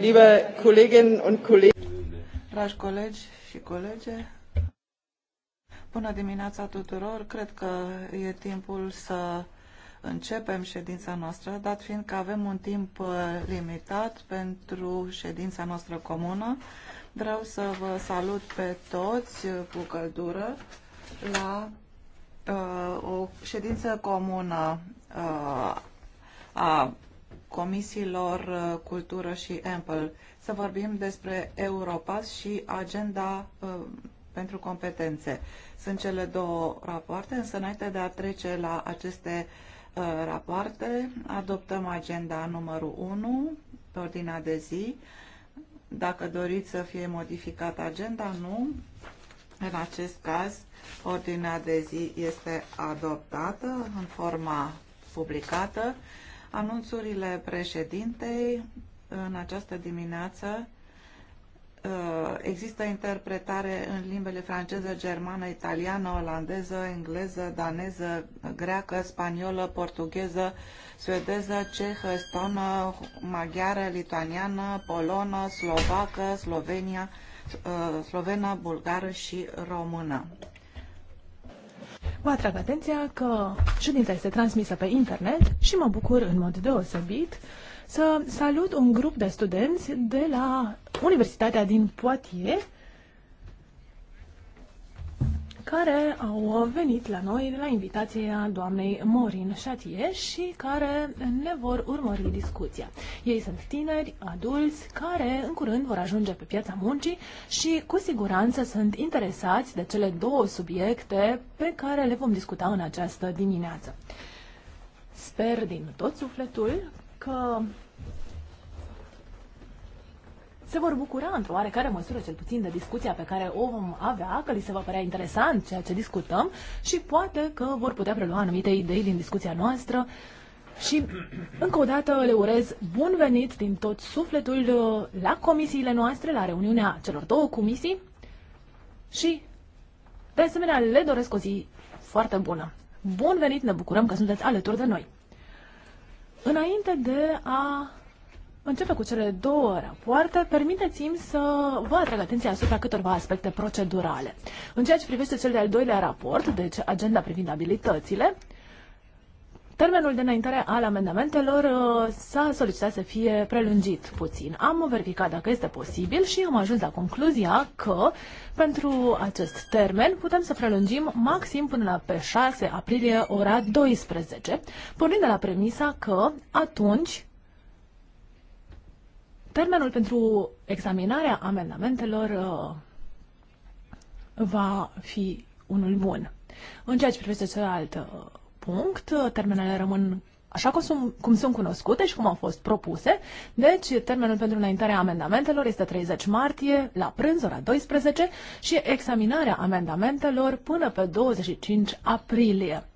Liebe Kolleginnen und Kollegen, dragi colegi și colege, bună dimineața tuturor. Cred că e timpul să începem ședința noastră, dat fiind că avem un timp uh, limitat pentru ședința noastră comună. Vreau să vă salut pe toți uh, cu căldură la uh, o ședință comună uh, a comisiilor uh, Cultură și Ample, să vorbim despre Europass și agenda uh, pentru competențe. Sunt cele două rapoarte, însă înainte de a trece la aceste uh, rapoarte, adoptăm agenda numărul 1, pe ordinea de zi. Dacă doriți să fie modificată agenda, nu. În acest caz, ordinea de zi este adoptată în forma publicată. Anunțurile președintei în această dimineață uh, există interpretare în limbele franceză, germană, italiană, olandeză, engleză, daneză, greacă, spaniolă, portugheză, suedeză, cehă, estonă, maghiară, lituaniană, polonă, slovacă, slovenia, uh, slovenă, bulgară și română. Vă atrag atenția că ședința este transmisă pe internet și mă bucur în mod deosebit să salut un grup de studenți de la Universitatea din Poitiers, care au venit la noi la invitația doamnei Morin Șatie și care ne vor urmări discuția. Ei sunt tineri, adulți, care în curând vor ajunge pe piața muncii și cu siguranță sunt interesați de cele două subiecte pe care le vom discuta în această dimineață. Sper din tot sufletul că se vor bucura într-o oarecare măsură, cel puțin, de discuția pe care o vom avea, că li se va părea interesant ceea ce discutăm și poate că vor putea prelua anumite idei din discuția noastră. Și încă o dată le urez bun venit din tot sufletul uh, la comisiile noastre, la reuniunea celor două comisii și de asemenea le doresc o zi foarte bună. Bun venit, ne bucurăm că sunteți alături de noi. Înainte de a începe cu cele două rapoarte, permiteți-mi să vă atrag atenția asupra câtorva aspecte procedurale. În ceea ce privește cel de-al doilea raport, deci agenda privind abilitățile, Termenul de înaintare al amendamentelor uh, s-a solicitat să fie prelungit puțin. Am verificat dacă este posibil și am ajuns la concluzia că pentru acest termen putem să prelungim maxim până la pe 6 aprilie ora 12, pornind de la premisa că atunci Termenul pentru examinarea amendamentelor uh, va fi unul bun. În ceea ce privește celălalt uh, punct, uh, termenele rămân așa cum sunt, cum sunt cunoscute și cum au fost propuse. Deci, termenul pentru înaintarea amendamentelor este 30 martie, la prânz, ora 12, și examinarea amendamentelor până pe 25 aprilie.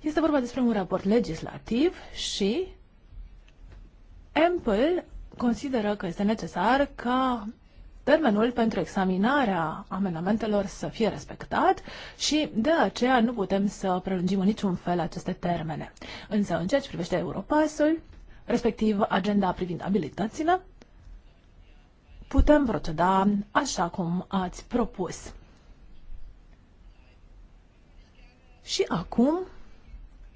Este vorba despre un raport legislativ și Ample consideră că este necesar ca termenul pentru examinarea amendamentelor să fie respectat și de aceea nu putem să prelungim în niciun fel aceste termene. Însă, în ceea ce privește Europasul, respectiv agenda privind abilitățile, putem proceda așa cum ați propus. Și acum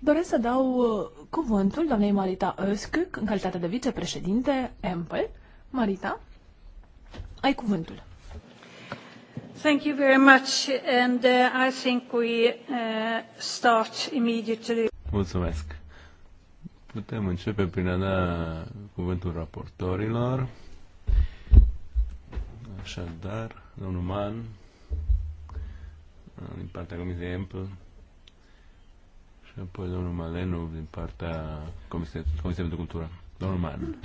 Doresc să dau uh, cuvântul doamnei Marita Özkük, în calitate de vicepreședinte Ample. Marita, ai cuvântul. Thank you very much and uh, I think we uh, start immediately. Mulțumesc. Putem începe prin a da cuvântul raportorilor. Așadar, domnul Man, din partea Comisiei Ample, și apoi domnul Malenu din partea Comisiei pentru Cultură. Domnul Man.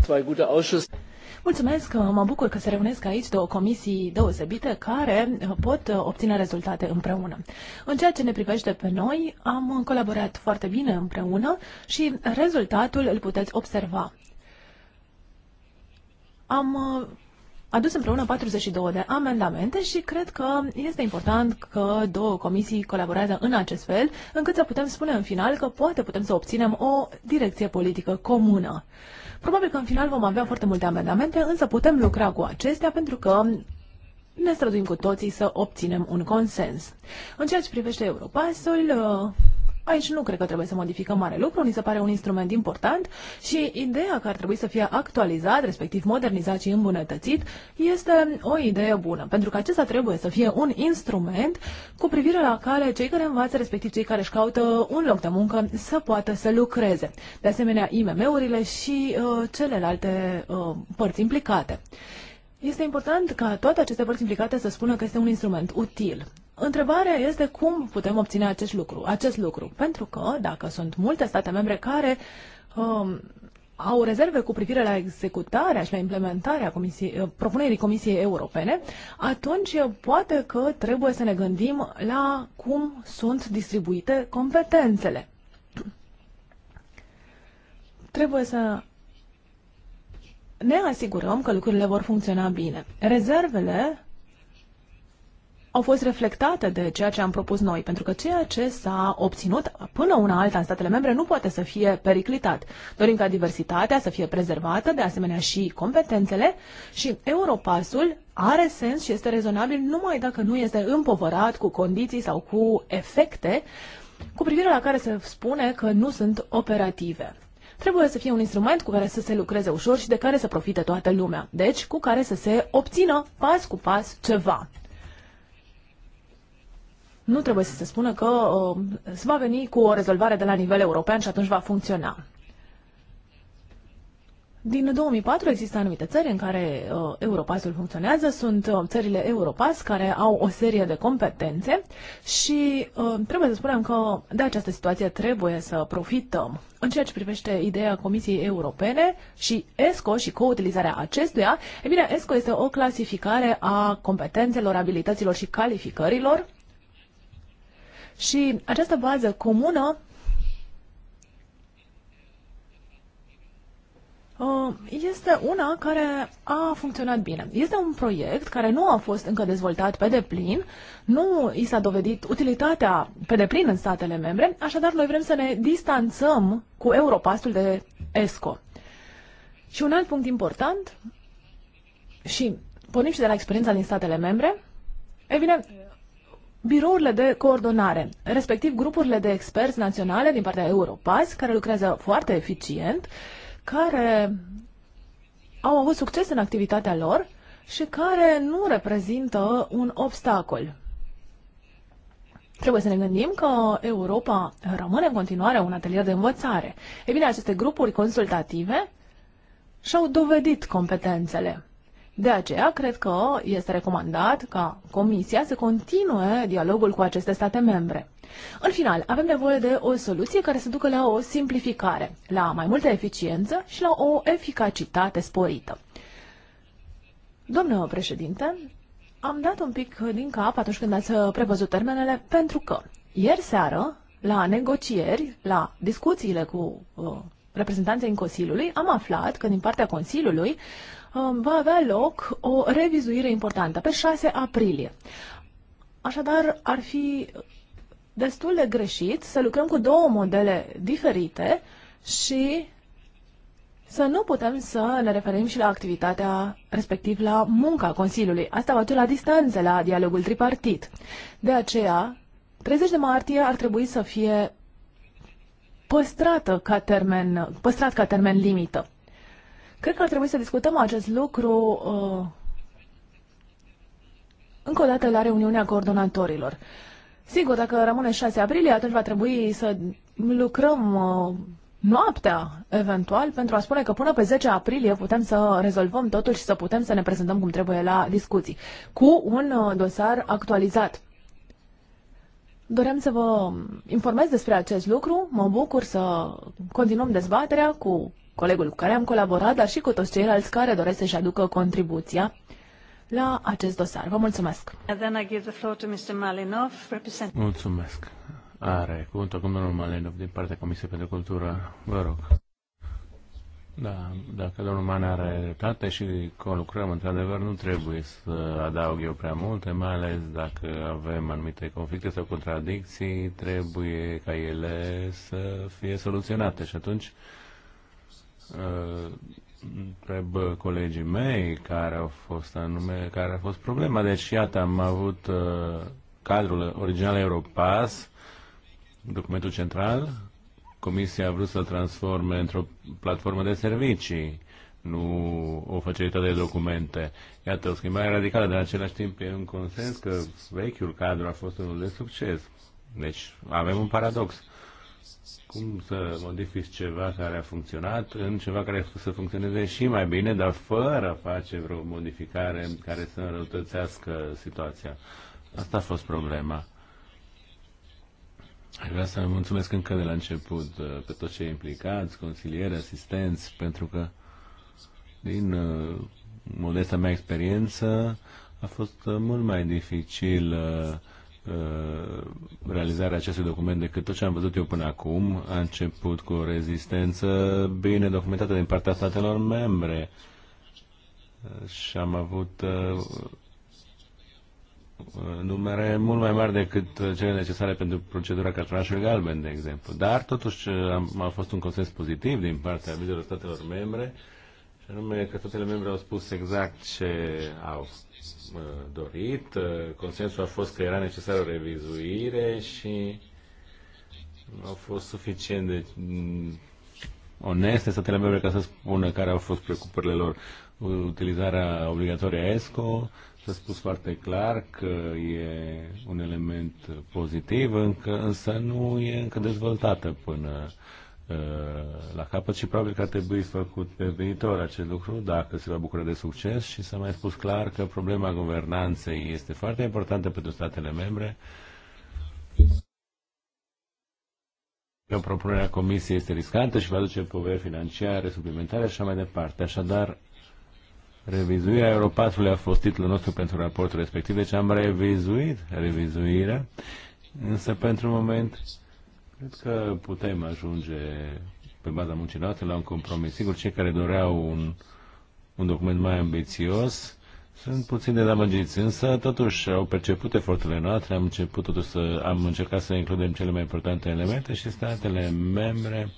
Mulțumesc, mă bucur că se reunesc aici două comisii deosebite care pot obține rezultate împreună. În ceea ce ne privește pe noi, am colaborat foarte bine împreună și rezultatul îl puteți observa. Am adus împreună 42 de amendamente și cred că este important că două comisii colaborează în acest fel, încât să putem spune în final că poate putem să obținem o direcție politică comună. Probabil că în final vom avea foarte multe amendamente, însă putem lucra cu acestea pentru că ne străduim cu toții să obținem un consens. În ceea ce privește Europasul, uh, Aici nu cred că trebuie să modificăm mare lucru, ni se pare un instrument important și ideea că ar trebui să fie actualizat, respectiv modernizat și îmbunătățit, este o idee bună, pentru că acesta trebuie să fie un instrument cu privire la care cei care învață, respectiv cei care își caută un loc de muncă, să poată să lucreze. De asemenea, IMM-urile și uh, celelalte uh, părți implicate. Este important ca toate aceste părți implicate să spună că este un instrument util. Întrebarea este cum putem obține acest lucru, acest lucru. Pentru că dacă sunt multe state membre care um, au rezerve cu privire la executarea și la implementarea comisie, uh, propunerii Comisiei Europene, atunci uh, poate că trebuie să ne gândim la cum sunt distribuite competențele. Trebuie să ne asigurăm că lucrurile vor funcționa bine. Rezervele au fost reflectate de ceea ce am propus noi, pentru că ceea ce s-a obținut până una alta în statele membre nu poate să fie periclitat. Dorim ca diversitatea să fie prezervată, de asemenea și competențele și Europasul are sens și este rezonabil numai dacă nu este împovărat cu condiții sau cu efecte cu privire la care se spune că nu sunt operative trebuie să fie un instrument cu care să se lucreze ușor și de care să profite toată lumea, deci cu care să se obțină pas cu pas ceva. Nu trebuie să se spună că uh, se va veni cu o rezolvare de la nivel european și atunci va funcționa. Din 2004 există anumite țări în care uh, Europasul funcționează, sunt uh, țările Europas care au o serie de competențe și uh, trebuie să spunem că de această situație trebuie să profităm. În ceea ce privește ideea Comisiei Europene și ESCO și coutilizarea acestuia, e bine, ESCO este o clasificare a competențelor, abilităților și calificărilor și această bază comună uh, este una care a funcționat bine. Este un proiect care nu a fost încă dezvoltat pe deplin, nu i s-a dovedit utilitatea pe deplin în statele membre, așadar noi vrem să ne distanțăm cu Europastul de ESCO. Și un alt punct important, și pornim și de la experiența din statele membre, evident birourile de coordonare, respectiv grupurile de experți naționale din partea Europass, care lucrează foarte eficient, care au avut succes în activitatea lor și care nu reprezintă un obstacol. Trebuie să ne gândim că Europa rămâne în continuare un atelier de învățare. Ei bine, aceste grupuri consultative și-au dovedit competențele. De aceea, cred că este recomandat ca Comisia să continue dialogul cu aceste state membre. În final, avem nevoie de o soluție care să ducă la o simplificare, la mai multă eficiență și la o eficacitate sporită. Domnule președinte, am dat un pic din cap atunci când ați prevăzut termenele, pentru că ieri seară, la negocieri, la discuțiile cu uh, reprezentanții în Consiliului, am aflat că din partea Consiliului Um, va avea loc o revizuire importantă pe 6 aprilie. Așadar, ar fi destul de greșit să lucrăm cu două modele diferite și să nu putem să ne referim și la activitatea, respectiv la munca Consiliului. Asta va fi la distanță, la dialogul tripartit. De aceea, 30 de martie ar trebui să fie păstrată ca termen, păstrat ca termen limită. Cred că ar trebui să discutăm acest lucru uh, încă o dată la reuniunea coordonatorilor. Sigur, dacă rămâne 6 aprilie, atunci va trebui să lucrăm uh, noaptea, eventual, pentru a spune că până pe 10 aprilie putem să rezolvăm totul și să putem să ne prezentăm cum trebuie la discuții, cu un uh, dosar actualizat. Doream să vă informez despre acest lucru, mă bucur să continuăm dezbaterea cu colegul cu care am colaborat, dar și cu toți ceilalți care doresc să-și aducă contribuția la acest dosar. Vă mulțumesc! Mulțumesc! Are cuvântul acum domnul Malinov din partea Comisiei pentru Cultură. Vă rog! Da, dacă domnul Man are dreptate și lucrăm, într-adevăr, nu trebuie să adaug eu prea multe, mai ales dacă avem anumite conflicte sau contradicții, trebuie ca ele să fie soluționate și atunci Uh, întreb colegii mei care au fost anume, care a fost problema. Deci, iată, am avut uh, cadrul original Europass, documentul central, Comisia a vrut să-l transforme într-o platformă de servicii, nu o facilitate de documente. Iată, o schimbare radicală, dar în același timp e un consens că vechiul cadru a fost unul de succes. Deci avem un paradox cum să modifici ceva care a funcționat în ceva care să funcționeze și mai bine, dar fără a face vreo modificare care să înrăutățească situația. Asta a fost problema. Aș vrea să mulțumesc încă de la început uh, pe toți cei implicați, consilieri, asistenți, pentru că din uh, modesta mea experiență a fost uh, mult mai dificil uh, Uh, realizarea acestui document decât tot ce am văzut eu până acum. A început cu o rezistență bine documentată din partea statelor membre și am avut uh, uh, numere mult mai mari decât cele necesare pentru procedura cartonașului galben, de exemplu. Dar, totuși, a fost un consens pozitiv din partea liderilor statelor membre, și anume că statele membre au spus exact ce au Uh, dorit. Uh, consensul a fost că era necesară o revizuire și au fost suficient de mm, oneste statele membre ca să spună care au fost preocupările lor. Utilizarea obligatorie a ESCO s-a spus foarte clar că e un element pozitiv, încă, însă nu e încă dezvoltată până Uh, la capăt și probabil că ar trebui făcut pe viitor acest lucru dacă se va bucura de succes și s-a mai spus clar că problema guvernanței este foarte importantă pentru statele membre că propunerea comisiei este riscantă și va duce poveri financiare, suplimentare și așa mai departe. Așadar, revizuirea Europasului a fost titlul nostru pentru raportul respectiv, deci am revizuit revizuirea, însă pentru moment Cred că putem ajunge pe baza muncii noastre la un compromis. Sigur, cei care doreau un, un document mai ambițios sunt puțin de damagiți, însă totuși au perceput eforturile noastre, am, început, totuși, să, am încercat să includem cele mai importante elemente și statele membre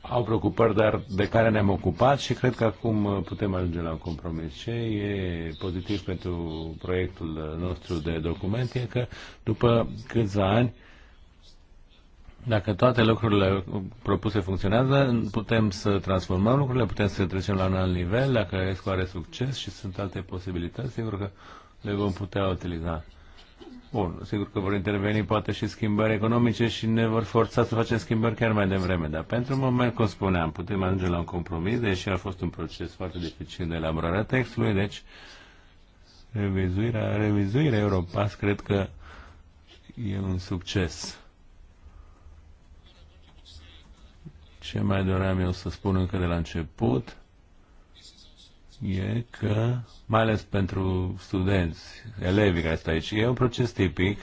au preocupări, dar de care ne-am ocupat și cred că acum putem ajunge la un compromis. Ce e pozitiv pentru proiectul nostru de document e că după câțiva ani dacă toate lucrurile propuse funcționează, putem să transformăm lucrurile, putem să trecem la un alt nivel, dacă ESCO are succes și sunt alte posibilități, sigur că le vom putea utiliza. Bun, sigur că vor interveni poate și schimbări economice și ne vor forța să facem schimbări chiar mai devreme, dar pentru moment, cum spuneam, putem ajunge la un compromis, deși a fost un proces foarte dificil de elaborare a textului, deci revizuirea, revizuirea Europass cred că e un succes Ce mai doream eu să spun încă de la început e că, mai ales pentru studenți, elevii care stau aici, e un proces tipic,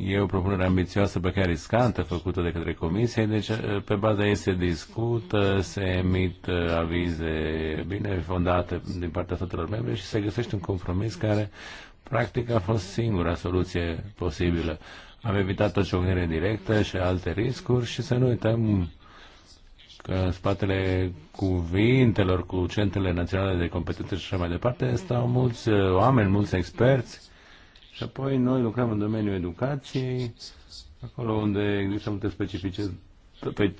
e o propunere ambițioasă pe care riscantă făcută de către comisie, deci pe baza ei se discută, se emit avize bine fondate din partea statelor membre și se găsește un compromis care practic a fost singura soluție posibilă. Am evitat o ciocnire directă și alte riscuri și să nu uităm că în spatele cuvintelor cu centrele naționale de competență și așa mai departe stau mulți uh, oameni, mulți experți și apoi noi lucrăm în domeniul educației, acolo unde există multe specificități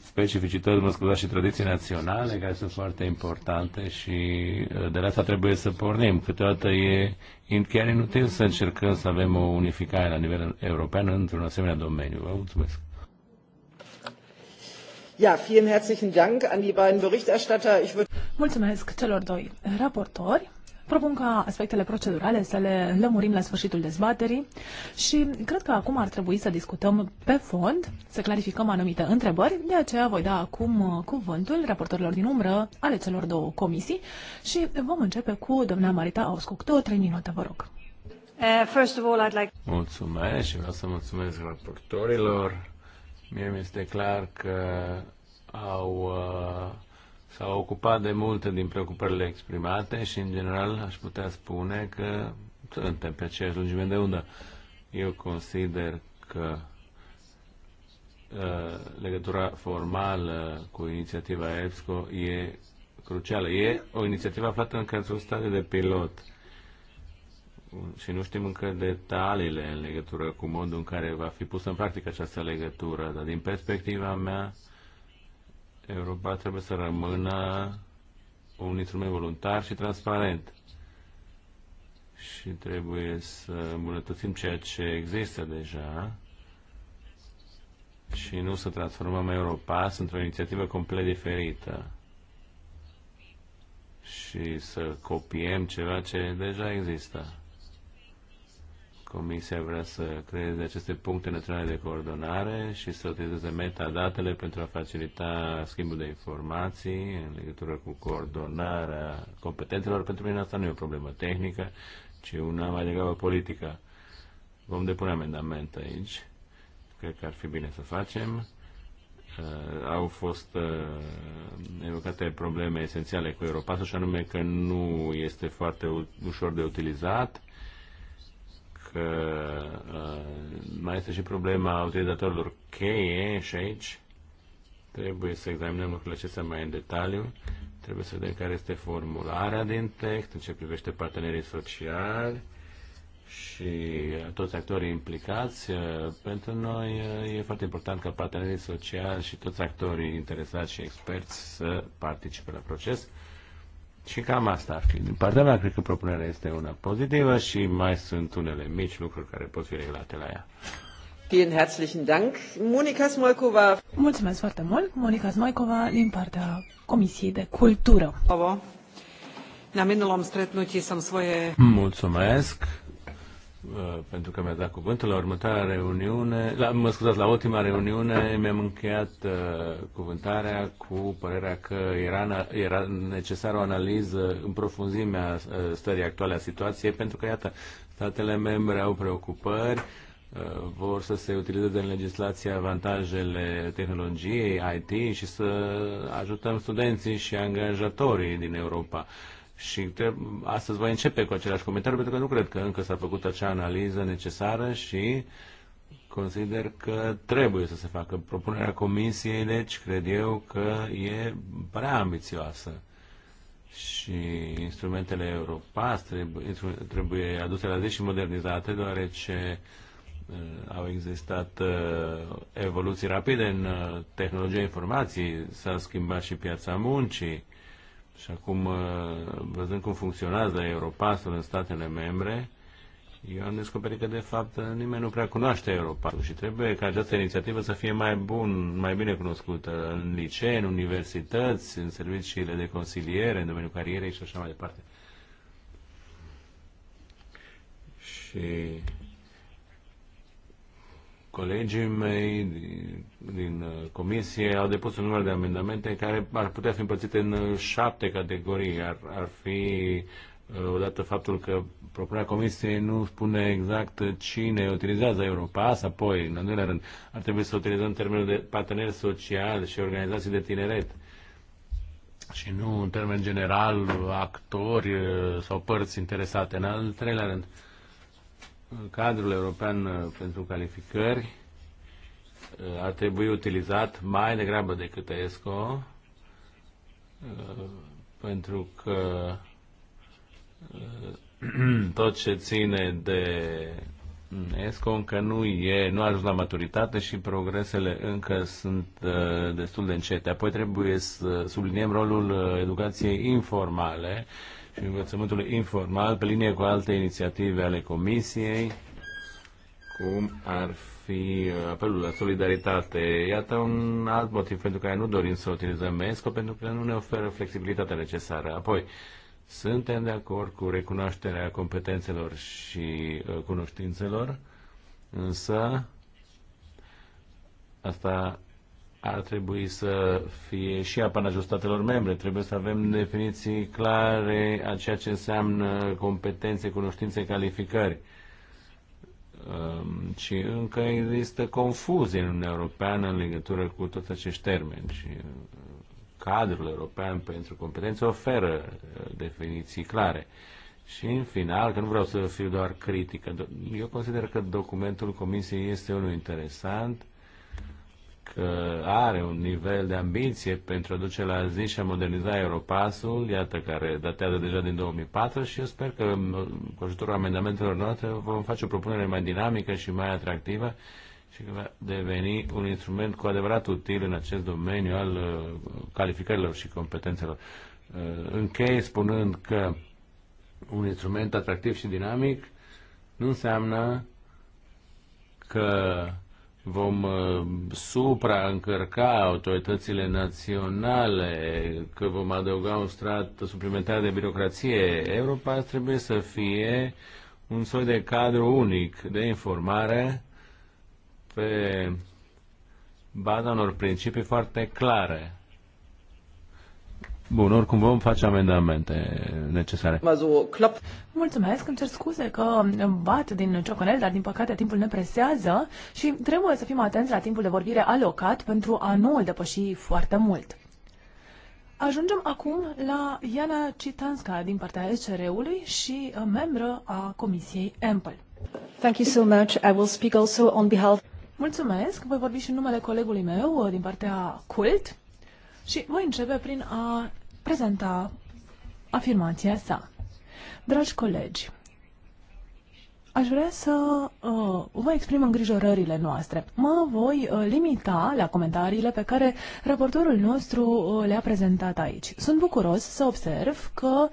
specificități, mă scuzați, și tradiții naționale care sunt foarte importante și uh, de la asta trebuie să pornim. Câteodată e chiar inutil să încercăm să avem o unificare la nivel european într-un asemenea domeniu. Vă mulțumesc! Ja, vielen herzlichen Dank an die beiden Berichterstatter. Ich würde Mulțumesc celor doi raportori. Propun ca aspectele procedurale să le lămurim la sfârșitul dezbaterii și cred că acum ar trebui să discutăm pe fond, să clarificăm anumite întrebări, de aceea voi da acum uh, cuvântul raportorilor din umbră ale celor două comisii și vom începe cu doamna Marita Auscuc. Două, trei minute, vă rog. Uh, first of all, I'd like... Mulțumesc și vreau să mulțumesc raportorilor. Mie mi este clar că au uh, s-au ocupat de multe din preocupările exprimate și, în general, aș putea spune că suntem pe aceeași lungime de undă. Eu consider că uh, legătura formală cu inițiativa EBSCO e crucială. E o inițiativă aflată încă într-un stadiu de pilot și nu știm încă detaliile în legătură cu modul în care va fi pusă în practică această legătură, dar din perspectiva mea, Europa trebuie să rămână un instrument voluntar și transparent. Și trebuie să îmbunătățim ceea ce există deja și nu să transformăm Europa într-o inițiativă complet diferită și să copiem ceva ce deja există. Comisia vrea să creeze aceste puncte naționale de coordonare și să utilizeze metadatele pentru a facilita schimbul de informații în legătură cu coordonarea competențelor. Pentru mine asta nu e o problemă tehnică, ci una mai degrabă politică. Vom depune amendament aici. Cred că ar fi bine să facem. Uh, au fost uh, evocate probleme esențiale cu Europasul, și anume că nu este foarte ușor de utilizat că uh, mai este și problema utilizatorilor cheie și aici trebuie să examinăm lucrurile acestea mai în detaliu. Trebuie să vedem care este formularea din text în ce privește partenerii sociali și toți actorii implicați. Uh, pentru noi uh, e foarte important ca partenerii sociali și toți actorii interesați și experți să participe la proces. Și cam asta ar fi. Din partea mea, cred că propunerea este una pozitivă și mai sunt unele mici lucruri care pot fi reglate la ea. Vielen herzlichen Dank, Monica Smolkova. Mulțumesc foarte mult, Monica Smolkova, din partea Comisiei de Cultură. Bravo. Na minulom stretnutí som svoje... Mulțumesc. Uh, pentru că mi-a dat cuvântul. La următoarea reuniune, la, mă scuzați, la ultima reuniune mi-am încheiat uh, cuvântarea cu părerea că era, era necesară o analiză în profunzimea uh, stării actuale a situației, pentru că, iată, statele membre au preocupări, uh, vor să se utilizeze în legislație avantajele tehnologiei, IT și să ajutăm studenții și angajatorii din Europa. Uh, și astăzi voi începe cu același comentariu, pentru că nu cred că încă s-a făcut acea analiză necesară și consider că trebuie să se facă. Propunerea comisiei, deci, cred eu că e prea ambițioasă. Și instrumentele Europass trebuie, trebuie aduse la zi și modernizate, deoarece uh, au existat uh, evoluții rapide în uh, tehnologia informației, s-a schimbat și piața muncii, și acum, uh, văzând cum funcționează Europasul în statele membre, eu am descoperit că, de fapt, nimeni nu prea cunoaște Europasul și trebuie ca această inițiativă să fie mai bun, mai bine cunoscută în licee, în universități, în serviciile de consiliere, în domeniul carierei și așa mai departe. Și colegii mei din, din uh, comisie au depus un număr de amendamente care ar putea fi împărțite în uh, șapte categorii. Ar, ar fi uh, odată faptul că propunerea comisiei nu spune exact cine utilizează Europass, apoi, în al doilea rând, ar trebui să utilizăm termenul de partener social și organizații de tineret și nu în termen general actori sau părți interesate. În al treilea rând, uh, cadrul european uh, pentru calificări uh, ar trebui utilizat mai degrabă decât ESCO, uh, pentru că tot ce ține de mm, ESCO încă nu e, nu a ajuns la maturitate și progresele încă sunt destul de încete. Apoi trebuie să subliniem rolul educației informale, uh, și învățământului informal pe linie cu alte inițiative ale Comisiei, cum ar fi apelul la solidaritate. Iată un alt motiv pentru care nu dorim să utilizăm MESCO, pentru că nu ne oferă flexibilitatea necesară. Apoi, suntem de acord cu recunoașterea competențelor și uh, cunoștințelor, însă asta ar trebui să fie și apanajul statelor membre. Trebuie să avem definiții clare a ceea ce înseamnă competențe, cunoștințe, calificări. Um, și încă există confuzie în Uniunea Europeană în legătură cu toți acești termeni. Și uh, cadrul european pentru competențe oferă uh, definiții clare. Și în final, că nu vreau să fiu doar critică, eu consider că documentul Comisiei este unul interesant, că are un nivel de ambiție pentru a duce la zi și a moderniza Europasul, iată, care datează deja din 2004 și eu sper că cu ajutorul amendamentelor noastre vom face o propunere mai dinamică și mai atractivă și că va deveni un instrument cu adevărat util în acest domeniu al uh, calificărilor și competențelor. Uh, închei spunând că un instrument atractiv și dinamic nu înseamnă că vom uh, supraîncărca autoritățile naționale, că vom adăuga un strat suplimentar de birocrație. Europa trebuie să fie un soi de cadru unic de informare pe baza unor principii foarte clare Bun, oricum vom face amendamente necesare. Mulțumesc, îmi cer scuze că bat din ciocanel, dar din păcate timpul ne presează și trebuie să fim atenți la timpul de vorbire alocat pentru a nu îl depăși foarte mult. Ajungem acum la Iana Citanska din partea SCR-ului și membră a Comisiei Ample. Thank you so much. I will speak also on behalf... Mulțumesc. Voi vorbi și în numele colegului meu din partea CULT. Și voi începe prin a prezenta afirmația sa. Dragi colegi, aș vrea să uh, vă exprim îngrijorările noastre. Mă voi uh, limita la comentariile pe care raportorul nostru uh, le-a prezentat aici. Sunt bucuros să observ că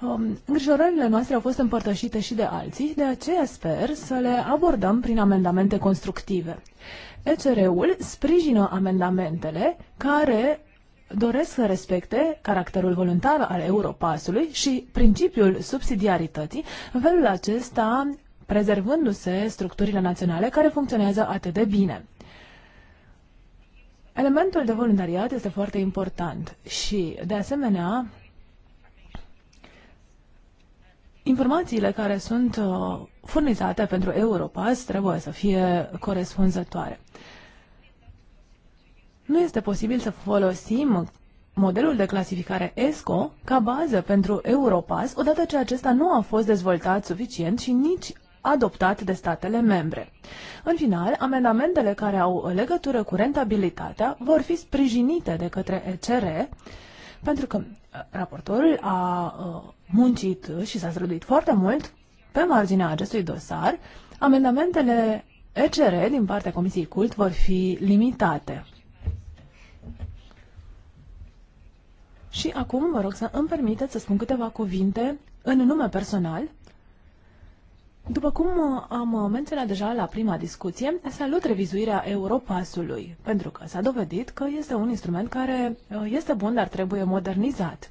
um, îngrijorările noastre au fost împărtășite și de alții, de aceea sper să le abordăm prin amendamente constructive. ECR-ul sprijină amendamentele care doresc să respecte caracterul voluntar al Europasului și principiul subsidiarității, în felul acesta prezervându-se structurile naționale care funcționează atât de bine. Elementul de voluntariat este foarte important și, de asemenea, informațiile care sunt uh, furnizate pentru Europass trebuie să fie corespunzătoare nu este posibil să folosim modelul de clasificare ESCO ca bază pentru Europass, odată ce acesta nu a fost dezvoltat suficient și nici adoptat de statele membre. În final, amendamentele care au legătură cu rentabilitatea vor fi sprijinite de către ECR, pentru că uh, raportorul a uh, muncit și s-a străduit foarte mult pe marginea acestui dosar. Amendamentele ECR din partea Comisiei Cult vor fi limitate. Și acum vă rog să îmi permiteți să spun câteva cuvinte în nume personal. După cum uh, am menționat deja la prima discuție, salut revizuirea Europasului, pentru că s-a dovedit că este un instrument care uh, este bun, dar trebuie modernizat.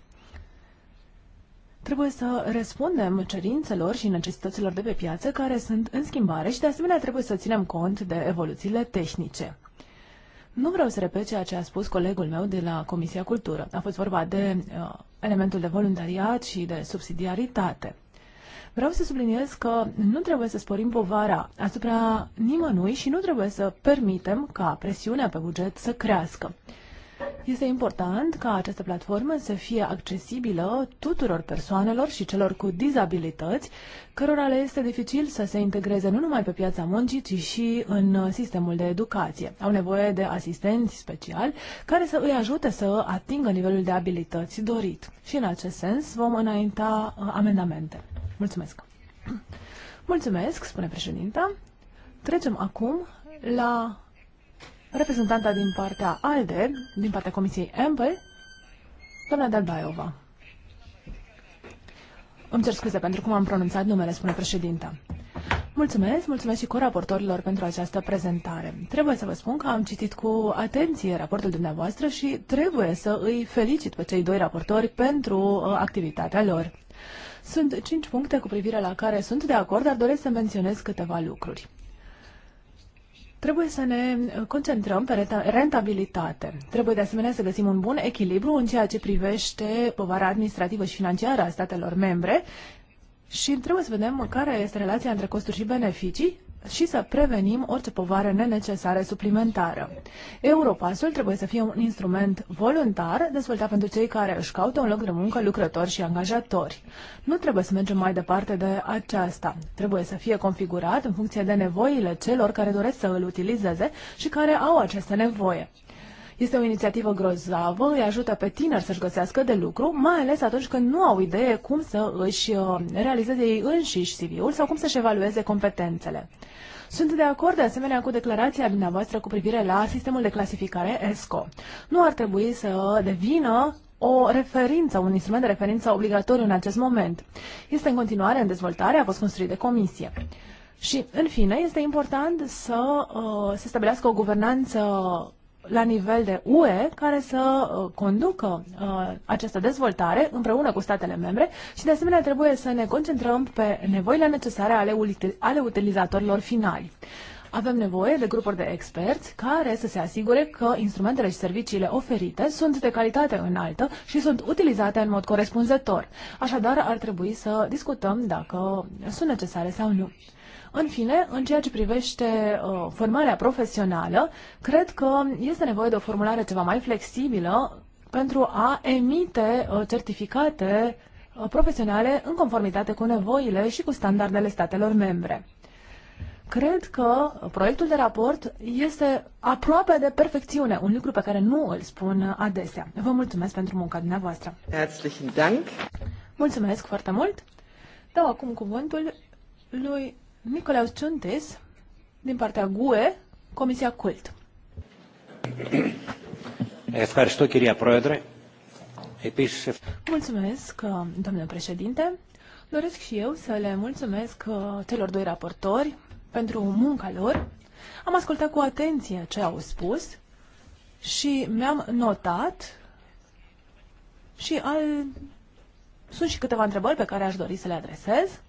Trebuie să răspundem cerințelor și necesităților de pe piață care sunt în schimbare și de asemenea trebuie să ținem cont de evoluțiile tehnice. Nu vreau să repet ceea ce a spus colegul meu de la Comisia Cultură. A fost vorba de uh, elementul de voluntariat și de subsidiaritate. Vreau să subliniez că nu trebuie să sporim povara asupra nimănui și nu trebuie să permitem ca presiunea pe buget să crească. Este important ca această platformă să fie accesibilă tuturor persoanelor și celor cu dizabilități, cărora le este dificil să se integreze nu numai pe piața muncii, ci și în sistemul de educație. Au nevoie de asistenți speciali care să îi ajute să atingă nivelul de abilități dorit. Și în acest sens vom înainta uh, amendamente. Mulțumesc! Mulțumesc, spune președinta. Trecem acum la reprezentanta din partea ALDE, din partea Comisiei Ample, doamna Dalbaiova. Îmi cer scuze pentru cum am pronunțat numele, spune președinta. Mulțumesc, mulțumesc și coraportorilor pentru această prezentare. Trebuie să vă spun că am citit cu atenție raportul dumneavoastră și trebuie să îi felicit pe cei doi raportori pentru uh, activitatea lor. Sunt cinci puncte cu privire la care sunt de acord, dar doresc să menționez câteva lucruri. Trebuie să ne concentrăm pe rentabilitate. Trebuie de asemenea să găsim un bun echilibru în ceea ce privește povara administrativă și financiară a statelor membre și trebuie să vedem care este relația între costuri și beneficii și să prevenim orice povară nenecesară suplimentară. Europasul trebuie să fie un instrument voluntar dezvoltat pentru cei care își caută un loc de muncă, lucrători și angajatori. Nu trebuie să mergem mai departe de aceasta. Trebuie să fie configurat în funcție de nevoile celor care doresc să îl utilizeze și care au această nevoie. Este o inițiativă grozavă, îi ajută pe tineri să-și găsească de lucru, mai ales atunci când nu au idee cum să își uh, realizeze ei înșiși CV-ul sau cum să-și evalueze competențele. Sunt de acord de asemenea cu declarația dumneavoastră cu privire la sistemul de clasificare ESCO. Nu ar trebui să devină o referință, un instrument de referință obligatoriu în acest moment. Este în continuare în dezvoltare, a fost construit de comisie. Și, în fine, este important să uh, se stabilească o guvernanță la nivel de UE care să uh, conducă uh, această dezvoltare împreună cu statele membre și de asemenea trebuie să ne concentrăm pe nevoile necesare ale, ale utilizatorilor finali. Avem nevoie de grupuri de experți care să se asigure că instrumentele și serviciile oferite sunt de calitate înaltă și sunt utilizate în mod corespunzător. Așadar, ar trebui să discutăm dacă sunt necesare sau nu. În fine, în ceea ce privește uh, formarea profesională, cred că este nevoie de o formulare ceva mai flexibilă pentru a emite uh, certificate uh, profesionale în conformitate cu nevoile și cu standardele statelor membre. Cred că proiectul de raport este aproape de perfecțiune, un lucru pe care nu îl spun adesea. Vă mulțumesc pentru munca dumneavoastră. Herzlichen Dank. Mulțumesc foarte mult. Dau acum cuvântul lui Nicolaus Ciuntis, din partea GUE, Comisia CULT. Mulțumesc, uh, domnule președinte. Doresc și eu să le mulțumesc uh, celor doi raportori pentru munca lor. Am ascultat cu atenție ce au spus și mi-am notat și al... sunt și câteva întrebări pe care aș dori să le adresez.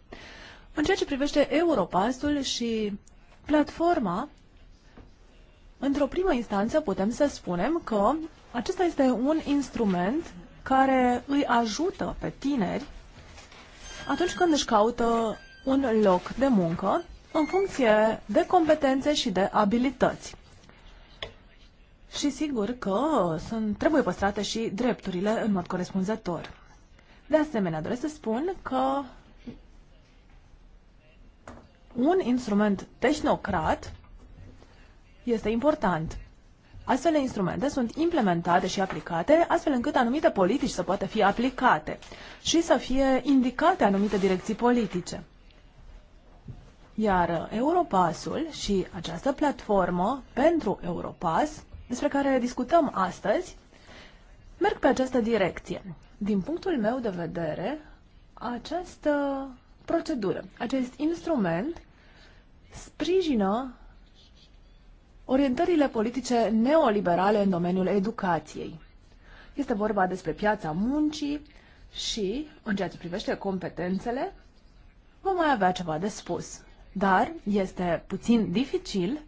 În ceea ce privește Europasul și platforma, într-o primă instanță putem să spunem că acesta este un instrument care îi ajută pe tineri atunci când își caută un loc de muncă în funcție de competențe și de abilități. Și sigur că sunt, trebuie păstrate și drepturile în mod corespunzător. De asemenea, doresc să spun că un instrument tehnocrat este important. Astfel de instrumente sunt implementate și aplicate astfel încât anumite politici să poată fi aplicate și să fie indicate anumite direcții politice. Iar Europasul și această platformă pentru Europas, despre care discutăm astăzi, merg pe această direcție. Din punctul meu de vedere, această procedură. Acest instrument sprijină orientările politice neoliberale în domeniul educației. Este vorba despre piața muncii și, în ceea ce privește competențele, vom mai avea ceva de spus. Dar este puțin dificil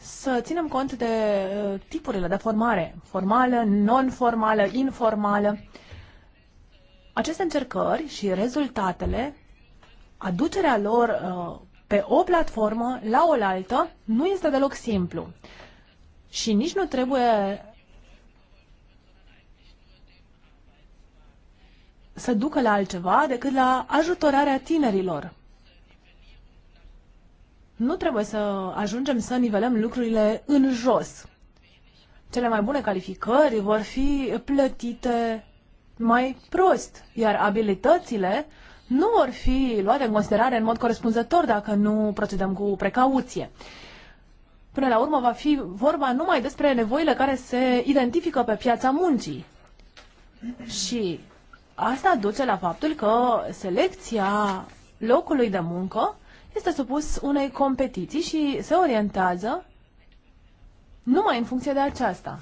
să ținem cont de uh, tipurile de formare, formală, non-formală, informală aceste încercări și rezultatele, aducerea lor uh, pe o platformă la oaltă, nu este deloc simplu. Și nici nu trebuie să ducă la altceva decât la ajutorarea tinerilor. Nu trebuie să ajungem să nivelăm lucrurile în jos. Cele mai bune calificări vor fi plătite mai prost, iar abilitățile nu vor fi luate în considerare în mod corespunzător dacă nu procedăm cu precauție. Până la urmă va fi vorba numai despre nevoile care se identifică pe piața muncii. Și asta duce la faptul că selecția locului de muncă este supus unei competiții și se orientează numai în funcție de aceasta.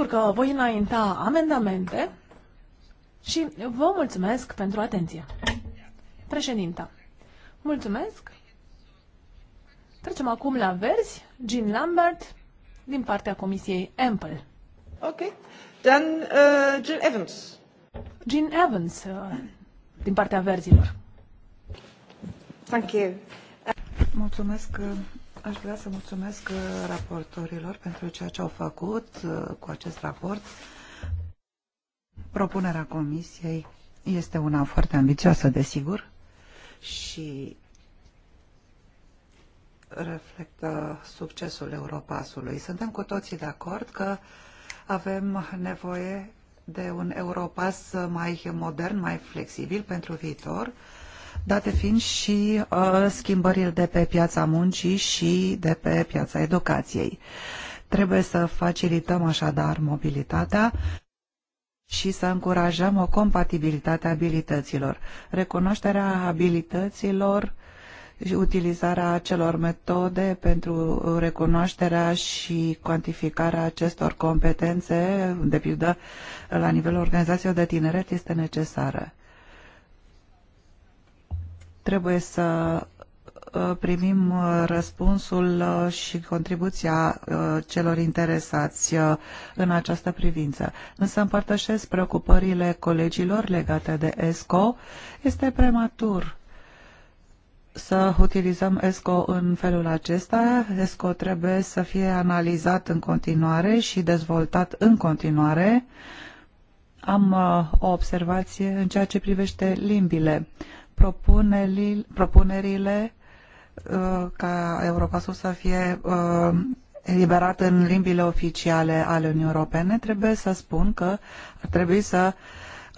Sigur că voi înainta amendamente și vă mulțumesc pentru atenție. Președinta, mulțumesc. Trecem acum la verzi. Jean Lambert, din partea Comisiei Ample. Ok. Dan uh, Jill Evans. Jean Evans, uh, din partea verzilor. Thank you. Mulțumesc, Aș vrea să mulțumesc uh, raportorilor pentru ceea ce au făcut uh, cu acest raport. Propunerea comisiei este una foarte ambițioasă, desigur, și reflectă succesul Europasului. Suntem cu toții de acord că avem nevoie de un Europas mai modern, mai flexibil pentru viitor, uh, date fiind și uh, schimbările de pe piața muncii și de pe piața educației. Trebuie să facilităm așadar mobilitatea și să încurajăm o compatibilitate a abilităților. Recunoașterea abilităților și utilizarea acelor metode pentru recunoașterea și cuantificarea acestor competențe, de pildă la nivelul organizațiilor de tineret, este necesară. Trebuie să uh, primim uh, răspunsul uh, și contribuția celor interesați în această privință. Însă împărtășesc preocupările colegilor legate de ESCO. Este prematur să utilizăm ESCO în felul acesta. ESCO trebuie să fie analizat în continuare și dezvoltat în continuare. Am o observație în ceea ce privește limbile propunerile uh, ca Sus să fie uh, eliberat în limbile oficiale ale Uniunii Europene, trebuie să spun că ar trebui să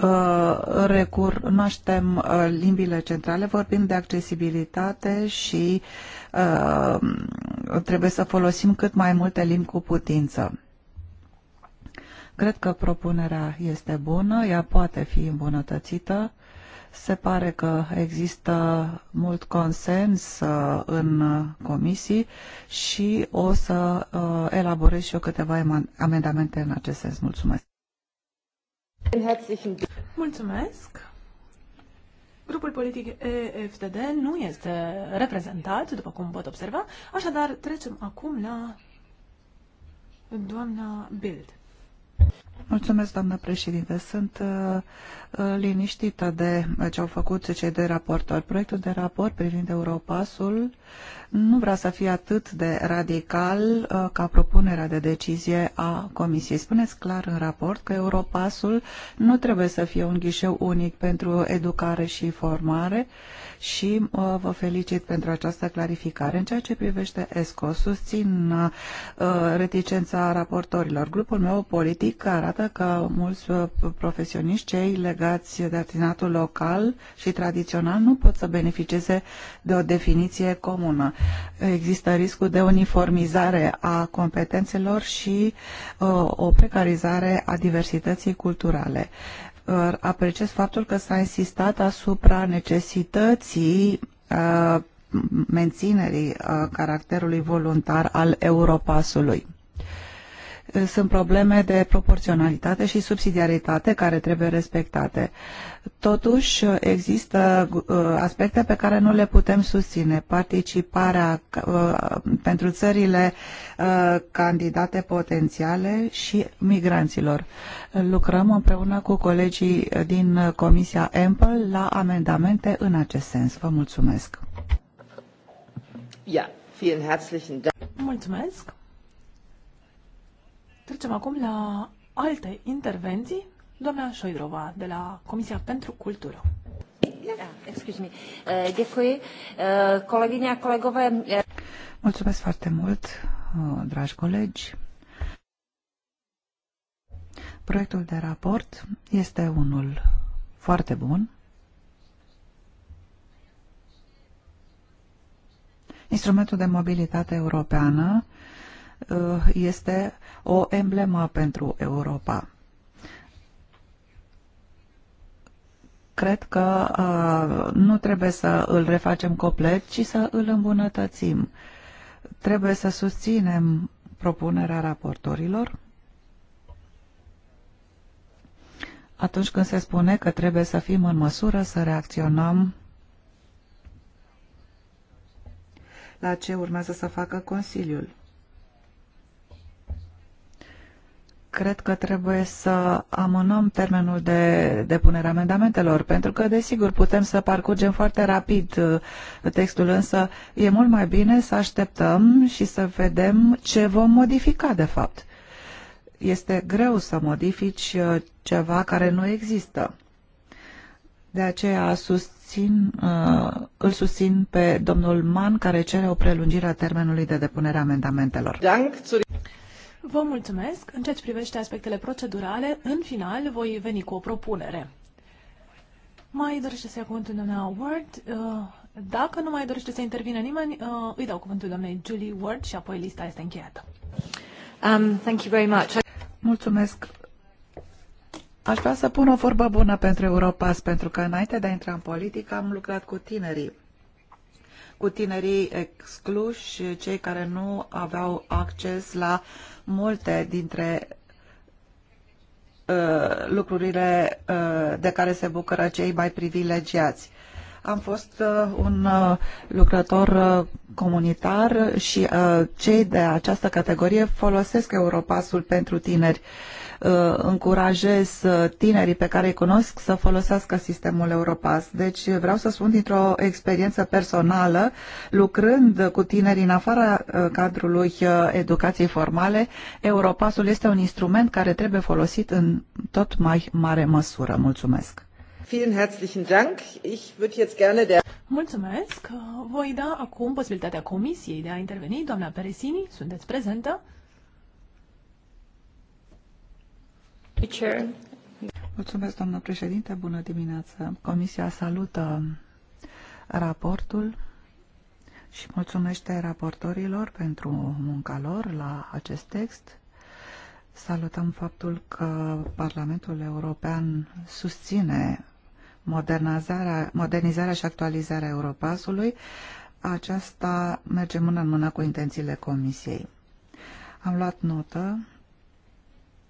uh, recunoaștem limbile centrale, vorbim de accesibilitate și trebuie să folosim cât mai multe limbi cu putință. Cred că propunerea este bună, ea poate fi îmbunătățită se pare că există mult consens uh, în comisii și o să uh, elaborez și eu câteva amendamente în acest sens. Mulțumesc! Mulțumesc! Grupul politic EFTD nu este reprezentat, după cum pot observa, așadar trecem acum la doamna Bild. Mulțumesc, doamnă președinte. Sunt uh, uh, liniștită de ce au făcut cei de raportori. Proiectul de raport privind Europasul nu vrea să fie atât de radical uh, ca propunerea de decizie a Comisiei. Spuneți clar în raport că Europasul nu trebuie să fie un ghișeu unic pentru educare și formare și uh, vă felicit pentru această clarificare. În ceea ce privește ESCO, susțin uh, reticența raportorilor. Grupul meu politic arată că mulți profesioniști, cei legați de artizanatul local și tradițional, nu pot să beneficieze de o definiție comună comună. Există riscul de uniformizare a competențelor și uh, o precarizare a diversității culturale uh, apreciez faptul că s-a insistat asupra necesității uh, menținerii uh, caracterului voluntar al Europasului sunt probleme de proporționalitate și subsidiaritate care trebuie respectate. Totuși, există uh, aspecte pe care nu le putem susține. Participarea uh, pentru țările uh, candidate potențiale și migranților. Lucrăm împreună cu colegii din Comisia EMPL la amendamente în acest sens. Vă mulțumesc! Ja, vielen herzlichen Dank. Mulțumesc! Trecem acum la alte intervenții. Doamna Șoidrova, de la Comisia pentru Cultură. Eh, eh, eh, Mulțumesc foarte mult, dragi colegi. Proiectul de raport este unul foarte bun. Instrumentul de mobilitate europeană este o emblemă pentru Europa. Cred că uh, nu trebuie să îl refacem complet, ci să îl îmbunătățim. Trebuie să susținem propunerea raportorilor atunci când se spune că trebuie să fim în măsură să reacționăm la ce urmează să facă Consiliul. cred că trebuie să amânăm termenul de depunere amendamentelor, pentru că, desigur, putem să parcurgem foarte rapid uh, textul, însă e mult mai bine să așteptăm și să vedem ce vom modifica, de fapt. Este greu să modifici uh, ceva care nu există. De aceea susțin, uh, îl susțin pe domnul Mann, care cere o prelungire a termenului de depunere a amendamentelor. Vă mulțumesc. În ceea ce privește aspectele procedurale, în final voi veni cu o propunere. Mai dorește să ia cuvântul doamna Ward? Uh, dacă nu mai dorește să intervine nimeni, uh, îi dau cuvântul doamnei Julie Ward și apoi lista este încheiată. Um, thank you very much. Mulțumesc. Aș vrea să pun o vorbă bună pentru Europas, pentru că înainte de a intra în politică am lucrat cu tinerii cu tinerii excluși, cei care nu aveau acces la multe dintre uh, lucrurile uh, de care se bucură cei mai privilegiați. Am fost uh, un lucrător comunitar și cei de această categorie folosesc Europasul pentru tineri. Uh, încurajez uh, tinerii pe care îi cunosc să folosească sistemul Europass. Deci uh, vreau să spun dintr-o experiență personală, lucrând cu tinerii în afara cadrului educației formale, Europasul este un instrument care trebuie folosit în tot mai mare măsură. Mulțumesc! Mulțumesc! Voi da acum posibilitatea Comisiei de a interveni. Doamna Peresini, sunteți prezentă? Mulțumesc, doamnă președinte. Bună dimineața. Comisia salută raportul și mulțumește raportorilor pentru munca lor la acest text. Salutăm faptul că Parlamentul European susține modernizarea, modernizarea și actualizarea Europasului. Aceasta merge mână în mână cu intențiile Comisiei. Am luat notă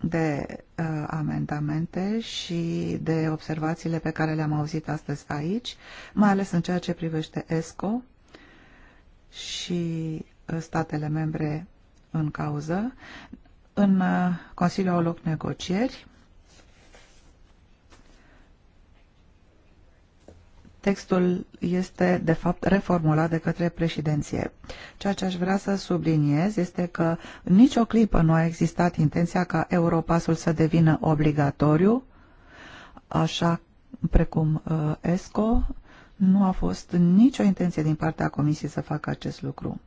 de uh, amendamente și de observațiile pe care le-am auzit astăzi aici, mai ales în ceea ce privește ESCO și uh, statele membre în cauză. În uh, Consiliul au loc negocieri Textul este, de fapt, reformulat de către președinție. Ceea ce aș vrea să subliniez este că nicio clipă nu a existat intenția ca Europasul să devină obligatoriu, așa precum uh, ESCO, nu a fost nicio intenție din partea Comisiei să facă acest lucru.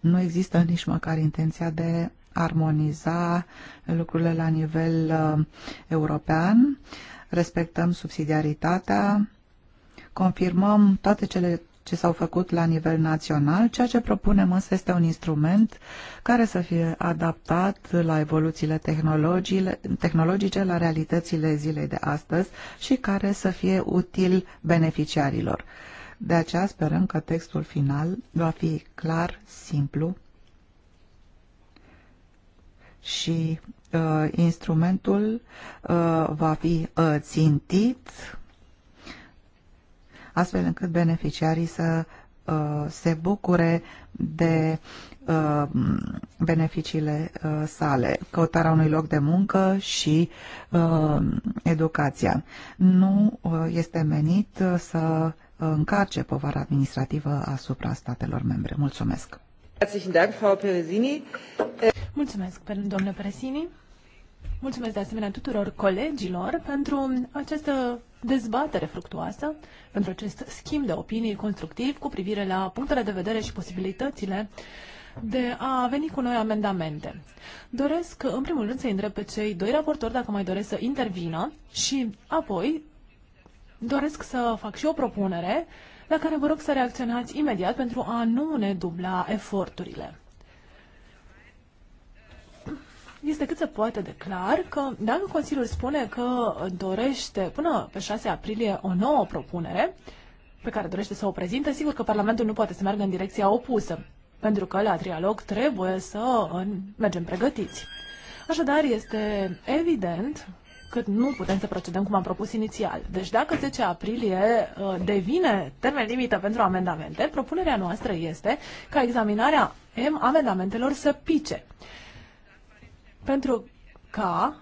Nu există nici măcar intenția de armoniza lucrurile la nivel uh, european. Uh, respectăm subsidiaritatea, confirmăm toate cele ce s-au făcut la nivel național. Ceea ce propunem însă este un instrument care să fie adaptat la evoluțiile tehnologice, la realitățile zilei de astăzi și care să fie util beneficiarilor. De aceea sperăm că textul final va fi clar, simplu și uh, instrumentul uh, va fi uh, țintit astfel încât beneficiarii să uh, se bucure de uh, beneficiile uh, sale, căutarea unui loc de muncă și uh, educația. Nu uh, este menit uh, să încarce povara administrativă asupra statelor membre. Mulțumesc! Mulțumesc, domnule Peresini. Mulțumesc de asemenea tuturor colegilor pentru această dezbatere fructuoasă, pentru acest schimb de opinii constructiv cu privire la punctele de vedere și posibilitățile de a veni cu noi amendamente. Doresc, în primul rând, să i îndrept pe cei doi raportori dacă mai doresc să intervină și apoi doresc să fac și o propunere la care vă rog să reacționați imediat pentru a nu ne dubla eforturile. Este cât se poate de clar că dacă Consiliul spune că dorește până pe 6 aprilie o nouă propunere pe care dorește să o prezinte, sigur că Parlamentul nu poate să meargă în direcția opusă, pentru că la trialog trebuie să mergem pregătiți. Așadar, este evident cât nu putem să procedăm cum am propus inițial. Deci dacă 10 aprilie uh, devine termen limită pentru amendamente, propunerea noastră este ca examinarea M amendamentelor să pice. Pentru ca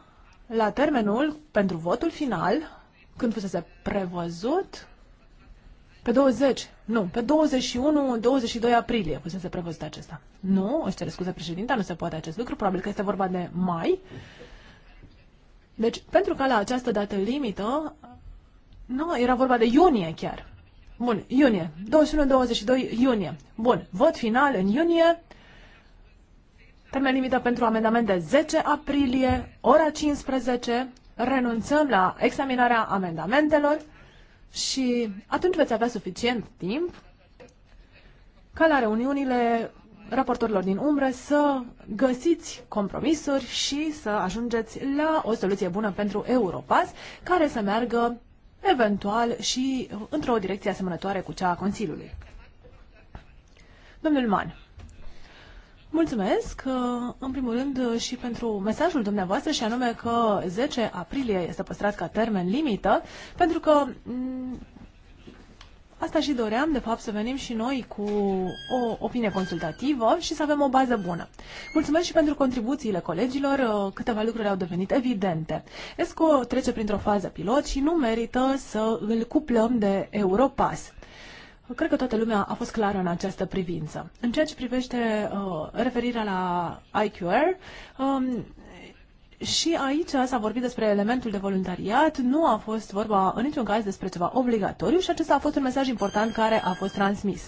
la termenul pentru votul final, când fusese prevăzut, pe 20, nu, pe 21-22 aprilie fusese prevăzut acesta. Nu, își cere scuze președinta, nu se poate acest lucru, probabil că este vorba de mai. Deci, pentru că la această dată limită, nu, era vorba de iunie chiar. Bun, iunie, 21-22 iunie. Bun, vot final în iunie. Termen limită pentru amendamente 10 aprilie, ora 15. Renunțăm la examinarea amendamentelor și atunci veți avea suficient timp ca la reuniunile raportorilor din umbră să găsiți compromisuri și să ajungeți la o soluție bună pentru Europas, care să meargă eventual și uh, într-o direcție asemănătoare cu cea a Consiliului. Domnul Man, mulțumesc uh, în primul rând uh, și pentru mesajul dumneavoastră și anume că 10 aprilie este păstrat ca termen limită, pentru că mm, Asta și doream, de fapt, să venim și noi cu o opinie consultativă și să avem o bază bună. Mulțumesc și pentru contribuțiile colegilor, uh, câteva lucruri au devenit evidente. ESCO trece printr-o fază pilot și nu merită să îl cuplăm de Europass. Cred că toată lumea a fost clară în această privință. În ceea ce privește uh, referirea la IQR, um, și aici s-a vorbit despre elementul de voluntariat, nu a fost vorba în niciun caz despre ceva obligatoriu și acesta a fost un mesaj important care a fost transmis.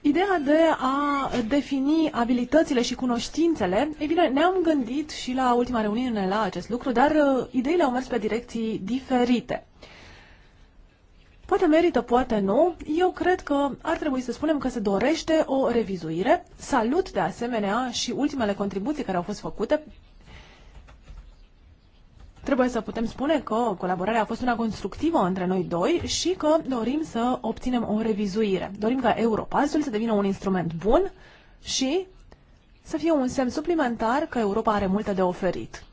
Ideea de a defini abilitățile și cunoștințele, e bine, ne-am gândit și la ultima reuniune la acest lucru, dar uh, ideile au mers pe direcții diferite. Poate merită, poate nu. Eu cred că ar trebui să spunem că se dorește o revizuire. Salut de asemenea și ultimele contribuții care au fost făcute Trebuie să putem spune că colaborarea a fost una constructivă între noi doi și că dorim să obținem o revizuire. Dorim ca Europasul să devină un instrument bun și să fie un semn suplimentar că Europa are multe de oferit.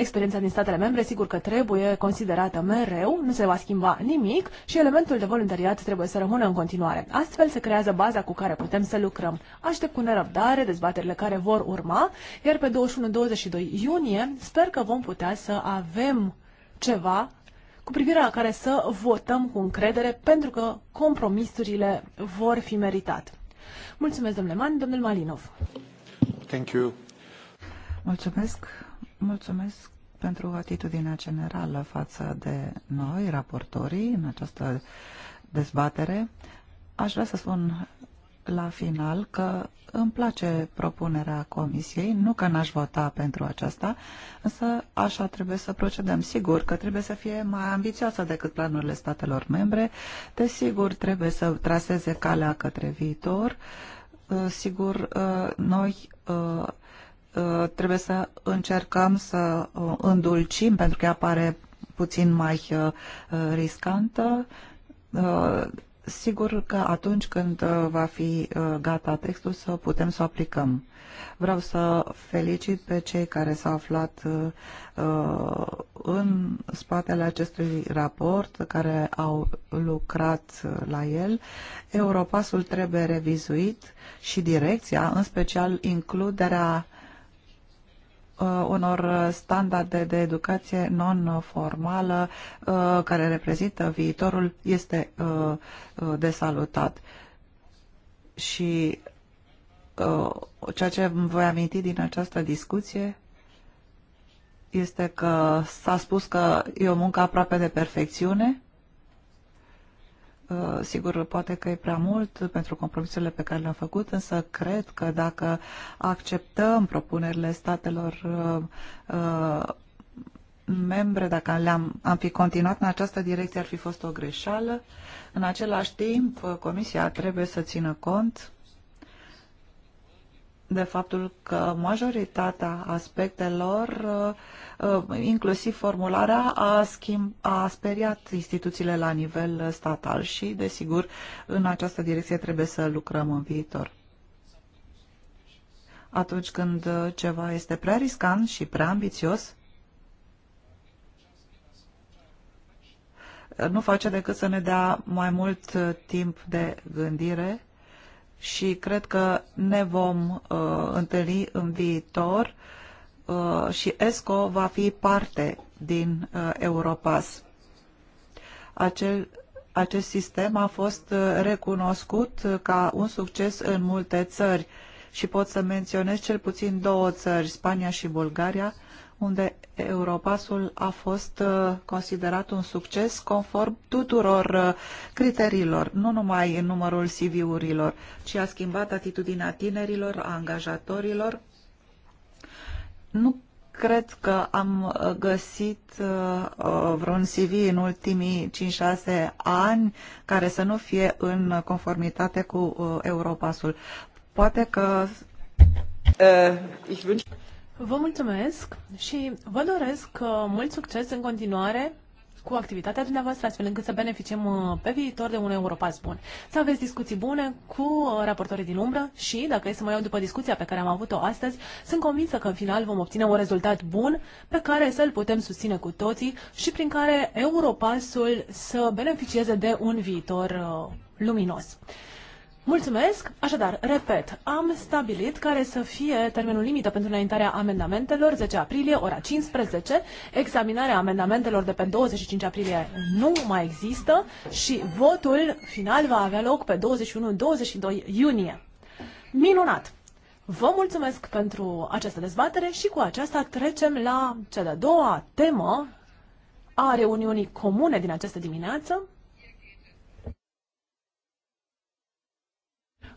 Experiența din statele membre, sigur că trebuie considerată mereu, nu se va schimba nimic și elementul de voluntariat trebuie să rămână în continuare. Astfel se creează baza cu care putem să lucrăm. Aștept cu nerăbdare dezbaterile care vor urma, iar pe 21-22 iunie sper că vom putea să avem ceva cu privire la care să votăm cu încredere, pentru că compromisurile vor fi meritate. Mulțumesc, domnule Man, domnul Malinov. Thank you. Mulțumesc. Mulțumesc pentru atitudinea generală față de noi, raportorii, în această dezbatere. Aș vrea să spun la final că îmi place propunerea comisiei, nu că n-aș vota pentru aceasta, însă așa trebuie să procedăm. Sigur că trebuie să fie mai ambițioasă decât planurile statelor membre, desigur trebuie să traseze calea către viitor, sigur noi Uh, trebuie să încercăm să uh, îndulcim pentru că apare puțin mai uh, riscantă. Sigur că atunci când va fi gata textul să putem să o aplicăm. Vreau să felicit pe cei care s-au aflat în spatele acestui raport, care au lucrat la el. Europasul trebuie revizuit și direcția, în special includerea Uh, unor standarde de educație non-formală uh, care reprezintă viitorul este uh, de salutat. Și ceea ce voi aminti din această discuție este că s-a spus că e o muncă aproape de perfecțiune Uh, sigur, poate că e prea mult pentru compromisurile pe care le-am făcut, însă cred că dacă acceptăm propunerile statelor uh, uh, membre, dacă le-am am fi continuat în această direcție, ar fi fost o greșeală. În același timp, Comisia trebuie să țină cont de faptul că majoritatea aspectelor, uh, uh, inclusiv formularea, a, schimb, a speriat instituțiile la nivel statal și, desigur, în această direcție trebuie să lucrăm în viitor. Atunci când ceva este prea riscant și prea ambițios, nu face decât să ne dea mai mult uh, timp de gândire și cred că ne vom uh, întâlni în viitor uh, și ESCO va fi parte din uh, Europass. Acel, acest sistem a fost uh, recunoscut uh, ca un succes în multe țări și pot să menționez cel puțin două țări, Spania și Bulgaria, unde Europasul a fost uh, considerat un succes conform tuturor uh, criteriilor, nu numai în numărul CV-urilor, ci a schimbat atitudinea tinerilor, a angajatorilor. Nu cred că am uh, găsit vreun CV în ultimii 5-6 ani care să nu fie în conformitate cu Europasul. Poate că... Uh, Vă mulțumesc și vă doresc uh, mult succes în continuare cu activitatea dumneavoastră, astfel încât să beneficiem uh, pe viitor de un europas bun. Să aveți discuții bune cu uh, raportorii din umbră și, dacă e să mă iau după discuția pe care am avut-o astăzi, sunt convinsă că în final vom obține un rezultat bun pe care să-l putem susține cu toții și prin care europasul să beneficieze de un viitor luminos. Mulțumesc! Așadar, repet, am stabilit care să fie termenul limită pentru înaintarea amendamentelor, 10 aprilie, ora 15. Examinarea amendamentelor de pe 25 aprilie nu mai există și votul final va avea loc pe 21-22 iunie. Minunat! Vă mulțumesc pentru această dezbatere și cu aceasta trecem la cea de-a doua temă a reuniunii comune din această dimineață,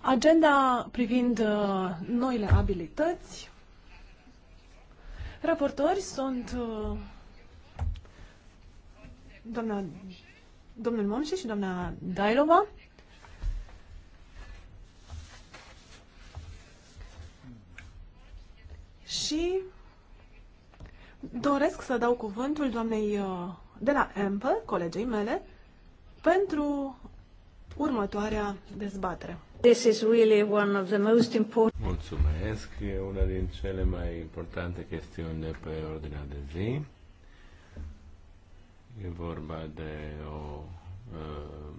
Agenda privind uh, noile abilități. Raportori sunt uh, doamna, domnul Momșe și doamna Dailova. Și doresc să dau cuvântul doamnei uh, de la Ample, colegei mele, pentru următoarea dezbatere. This is really one of the most important... Mulțumesc, e una din cele mai importante chestiuni de pe ordinea de zi. E vorba de o uh,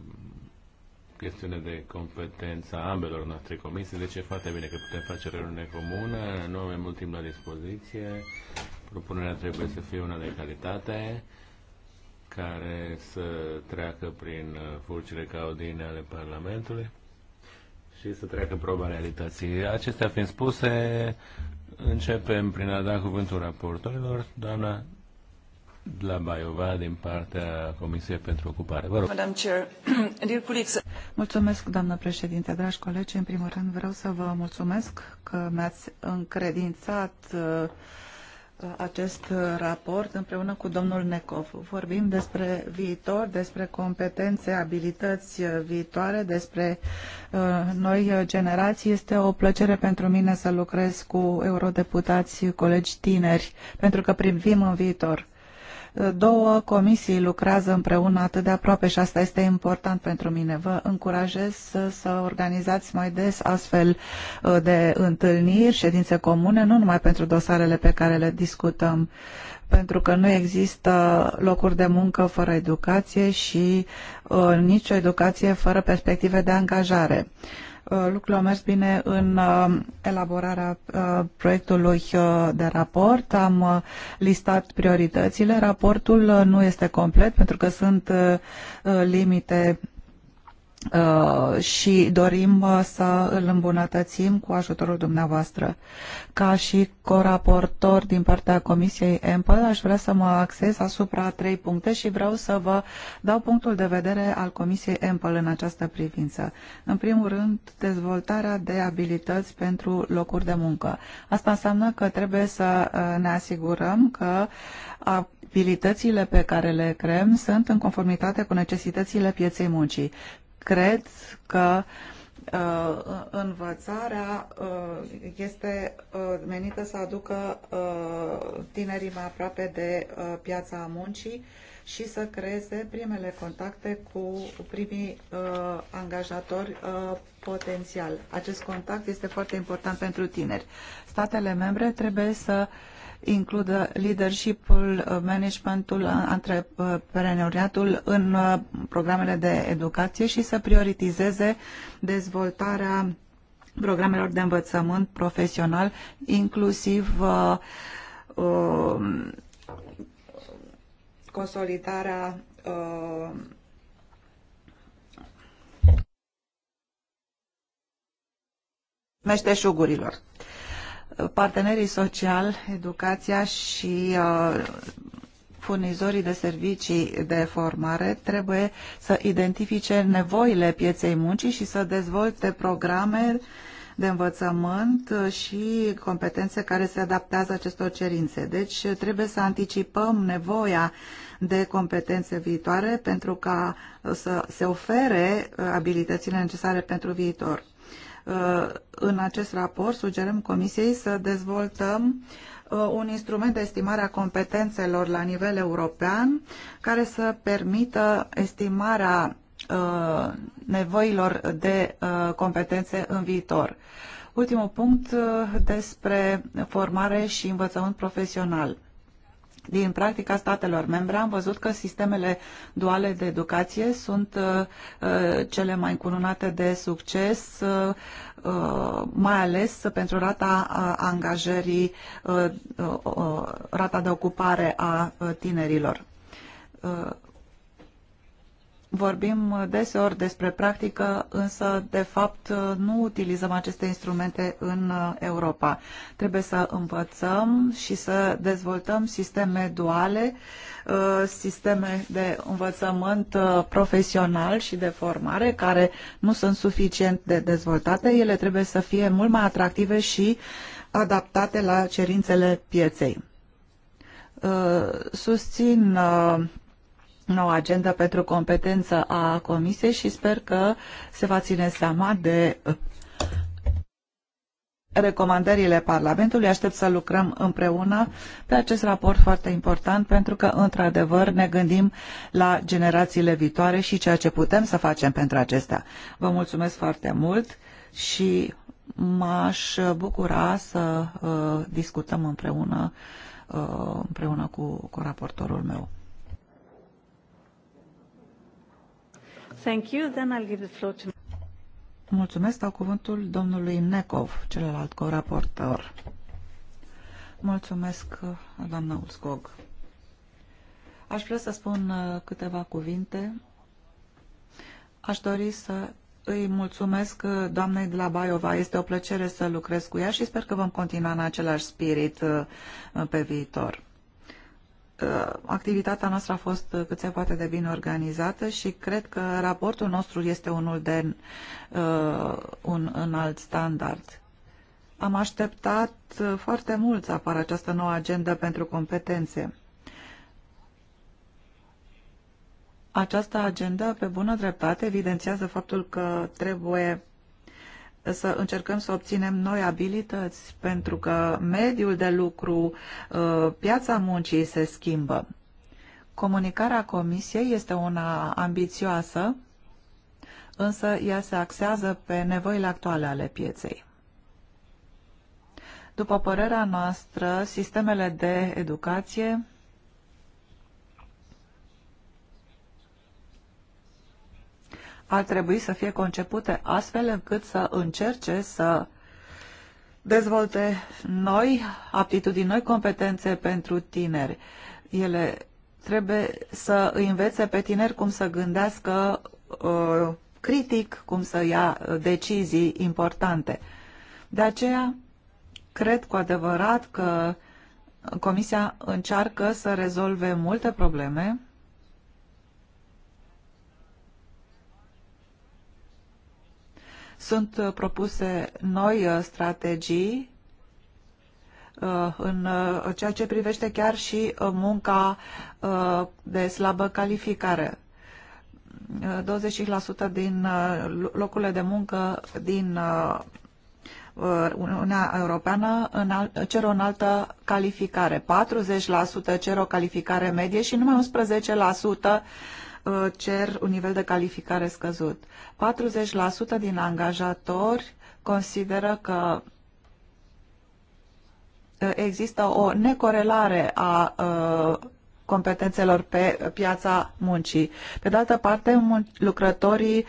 chestiune de competență a ambelor noastre comisii, deci e foarte bine că putem face reuniune comună, nu avem mult timp la dispoziție, propunerea trebuie să fie una de calitate, care să treacă prin uh, furcile caudine ale Parlamentului și să treacă proba realității. Acestea fiind spuse, începem prin a da cuvântul raportorilor. Doamna la Baiova din partea Comisiei pentru Ocupare. Vă rog. Madam Chair, dear colleagues. Mulțumesc, doamnă președinte, dragi colegi. În primul rând vreau să vă mulțumesc că mi-ați încredințat uh, acest raport împreună cu domnul Necov. Vorbim despre viitor, despre competențe, abilități viitoare, despre uh, noi generații. Este o plăcere pentru mine să lucrez cu eurodeputați, colegi tineri, pentru că privim în viitor două comisii lucrează împreună atât de aproape și asta este important pentru mine. Vă încurajez să, să organizați mai des astfel uh, de întâlniri, ședințe comune, nu numai pentru dosarele pe care le discutăm, pentru că nu există locuri de muncă fără educație și uh, nicio educație fără perspective de angajare. Uh, Uh, lucrurile au mers bine în uh, elaborarea uh, proiectului de raport. Am listat prioritățile. Raportul nu este complet pentru că sunt limite Uh, și dorim uh, să îl îmbunătățim cu ajutorul dumneavoastră. Ca și coraportor din partea Comisiei EMPL, aș vrea să mă axez asupra trei puncte și vreau să vă dau punctul de vedere al Comisiei EMPL în această privință. În primul rând, dezvoltarea de abilități pentru locuri de muncă. Asta înseamnă că trebuie să uh, ne asigurăm că abilitățile pe care le creăm sunt în conformitate cu necesitățile pieței muncii cred că uh, învățarea uh, este uh, menită să aducă tinerii mai aproape de piața muncii și să creeze primele contacte cu primii angajatori potențial. Acest contact este foarte important pentru tineri. Statele membre trebuie să uh, includă leadership uh, managementul, uh, antreprenoriatul în uh, programele de educație și să prioritizeze dezvoltarea programelor de învățământ profesional, inclusiv uh, um, consolidarea uh, meșteșugurilor. Partenerii social, educația și uh, furnizorii de servicii de formare trebuie să identifice nevoile pieței muncii și să dezvolte programe de învățământ și competențe care se adaptează acestor cerințe. Deci trebuie să anticipăm nevoia de competențe viitoare pentru ca să se ofere uh, abilitățile necesare pentru viitor. Uh, în acest raport sugerăm Comisiei să dezvoltăm uh, un instrument de estimare a competențelor la nivel european care să permită estimarea uh, nevoilor de competențe în viitor. Ultimul punct despre formare și învățământ profesional. Din practica statelor membre am văzut că sistemele duale de educație sunt uh, uh, cele mai încununate de succes, uh, mai ales pentru rata angajării, rata de ocupare a tinerilor Vorbim deseori despre practică, însă, de fapt, nu utilizăm aceste instrumente în Europa. Trebuie să învățăm și să dezvoltăm sisteme duale, uh, sisteme de învățământ uh, profesional și de formare, care nu sunt suficient de dezvoltate. Ele trebuie să fie mult mai atractive și adaptate la cerințele pieței uh, susțin noua agenda pentru competență a Comisiei și sper că se va ține seama de recomandările Parlamentului. Aștept să lucrăm împreună pe acest raport foarte important pentru că, într-adevăr, ne gândim la generațiile viitoare și ceea ce putem să facem pentru acestea. Vă mulțumesc foarte mult și m-aș bucura să uh, discutăm împreună, uh, împreună cu, cu raportorul meu. Thank you. Then I'll give the floor to... Mulțumesc. Dau cuvântul domnului Necov, celălalt coraportor. Mulțumesc, doamna Ulscog. Aș vrea să spun uh, câteva cuvinte. Aș dori să îi mulțumesc uh, doamnei de la Baiova. Este o plăcere să lucrez cu ea și sper că vom continua în același spirit uh, pe viitor. Uh, activitatea noastră a fost cât se poate de bine organizată și cred că raportul nostru este unul de uh, un alt standard. Am așteptat uh, foarte mult să apară această nouă agendă pentru competențe. Această agendă, pe bună dreptate, evidențiază faptul că trebuie să încercăm să obținem noi abilități, pentru că mediul de lucru, uh, piața muncii se schimbă. Comunicarea Comisiei este una ambițioasă, însă ea se axează pe nevoile actuale ale pieței. După părerea noastră, sistemele de educație ar trebui să fie concepute astfel încât să încerce să dezvolte noi aptitudini, noi competențe pentru tineri. Ele trebuie să îi învețe pe tineri cum să gândească uh, critic, cum să ia decizii importante. De aceea, cred cu adevărat că Comisia încearcă să rezolve multe probleme Sunt uh, propuse noi uh, strategii uh, în ceea ce privește chiar și munca de slabă calificare. 20% din locurile de muncă din Uniunea Europeană cer o înaltă calificare. 40% cer o calificare medie și numai 11% Uh, cer un nivel de calificare scăzut. 40% din angajatori consideră că uh, există o necorelare a uh, competențelor pe piața muncii. Pe de altă parte, lucrătorii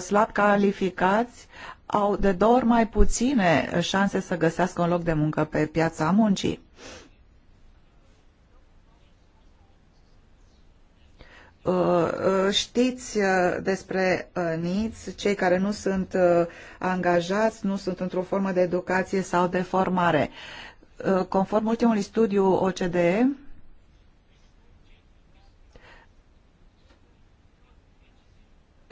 slab calificați au de două ori mai puține șanse să găsească un loc de muncă pe piața muncii. Uh, uh, știți uh, despre NITS, cei care nu sunt angajați, nu sunt într-o formă de educație sau de formare. Conform ultimului studiu OCDE,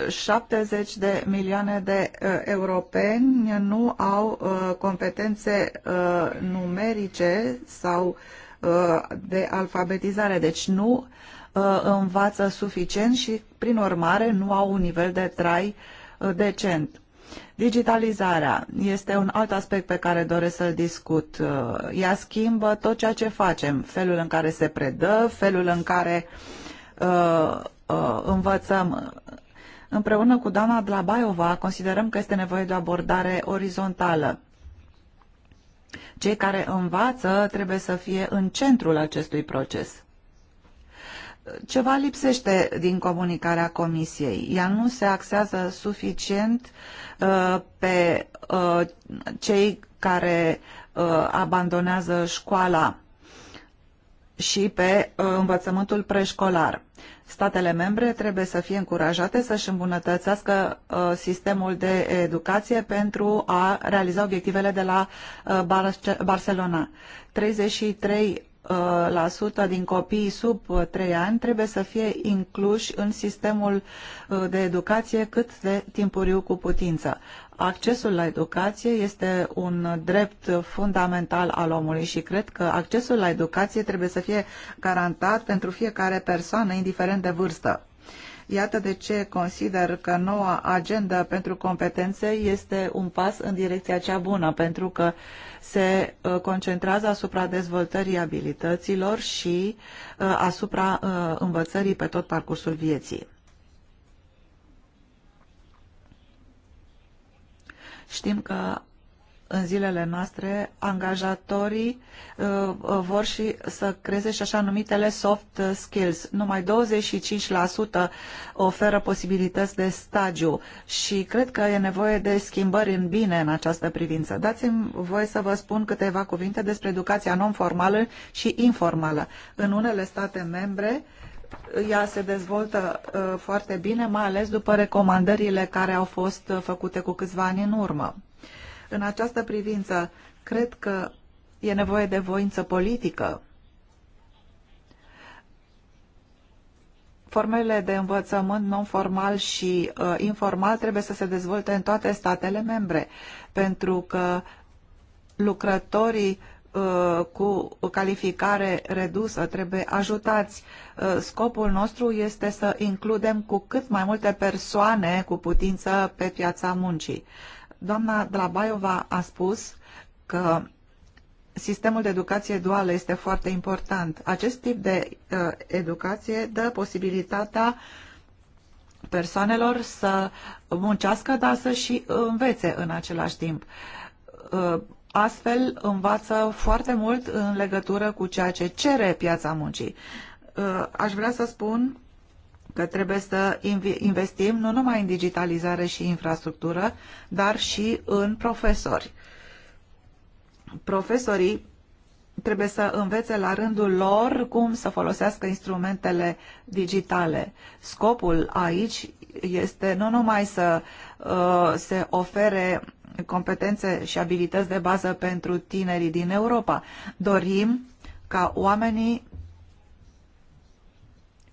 șaptezeci de milioane de europeni nu au competențe numerice sau de alfabetizare, deci nu uh, Uh, învață suficient și, prin urmare, nu au un nivel de trai uh, decent. Digitalizarea este un alt aspect pe care doresc să-l discut. Uh, ea schimbă tot ceea ce facem, felul în care se predă, felul în care uh, uh, învățăm. Împreună cu doamna Dlabaiova considerăm că este nevoie de o abordare orizontală. Cei care învață trebuie să fie în centrul acestui proces ceva lipsește din comunicarea Comisiei. Ea nu se axează suficient uh, pe uh, cei care uh, abandonează școala și pe uh, învățământul preșcolar. Statele membre trebuie să fie încurajate să-și îmbunătățească uh, sistemul de educație pentru a realiza obiectivele de la uh, Barcelona. 33 90% din copiii sub 3 uh, ani trebuie să fie incluși în sistemul uh, de educație cât de timpuriu cu putință. Accesul la educație este un drept fundamental al omului și cred că accesul la educație trebuie să fie garantat pentru fiecare persoană, indiferent de vârstă. Iată de ce consider că noua agenda pentru competențe este un pas în direcția cea bună, pentru că se uh, concentrează asupra dezvoltării abilităților și uh, asupra uh, învățării pe tot parcursul vieții. Știm că în zilele noastre, angajatorii uh, uh, vor și să creeze și așa numitele soft skills. Numai 25% oferă posibilități de stagiu și cred că e nevoie de schimbări în bine în această privință. Dați-mi voie să vă spun câteva cuvinte despre educația non-formală și informală. În unele state membre, ea se dezvoltă uh, foarte bine, mai ales după recomandările care au fost uh, făcute cu câțiva ani în urmă în această privință, cred că e nevoie de voință politică. Formele de învățământ non-formal și uh, informal trebuie să se dezvolte în toate statele membre, pentru că lucrătorii uh, cu o calificare redusă trebuie ajutați. Uh, scopul nostru este să includem cu cât mai multe persoane cu putință pe piața muncii. Doamna Drabaiova a spus că sistemul de educație duală este foarte important. Acest tip de uh, educație dă posibilitatea persoanelor să muncească, dar să și învețe în același timp. Uh, astfel învață foarte mult în legătură cu ceea ce cere piața muncii. Uh, aș vrea să spun că trebuie să investim nu numai în digitalizare și infrastructură, dar și în profesori. Profesorii trebuie să învețe la rândul lor cum să folosească instrumentele digitale. Scopul aici este nu numai să uh, se ofere competențe și abilități de bază pentru tinerii din Europa. Dorim ca oamenii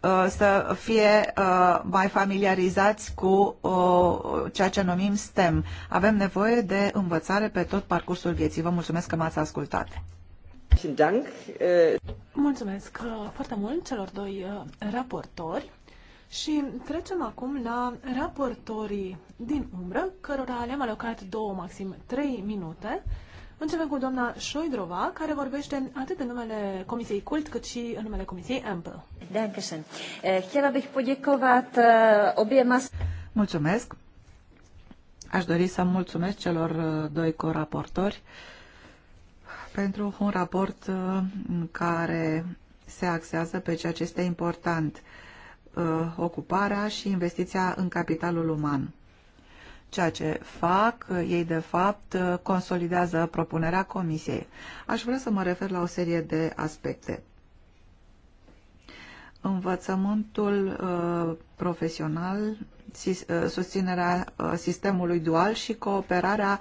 Uh, să fie uh, mai familiarizați cu uh, ceea ce numim STEM. Avem nevoie de învățare pe tot parcursul vieții. Vă mulțumesc că m-ați ascultat. Mulțumesc foarte mult celor doi raportori și trecem acum la raportorii din umbră, cărora le-am alocat două, maxim trei minute Începem cu doamna Șoidrova, care vorbește atât în numele Comisiei Cult, cât și în numele Comisiei Ample. Eh, eh, mulțumesc. Aș dori să mulțumesc celor eh, doi coraportori pentru un raport care se axează pe ceea ce este important, ocuparea și investiția în capitalul uman. Ceea ce fac uh, ei, de fapt, uh, consolidează propunerea Comisiei. Aș vrea să mă refer la o serie de aspecte. Învățământul uh, profesional, sis, uh, susținerea uh, sistemului dual și cooperarea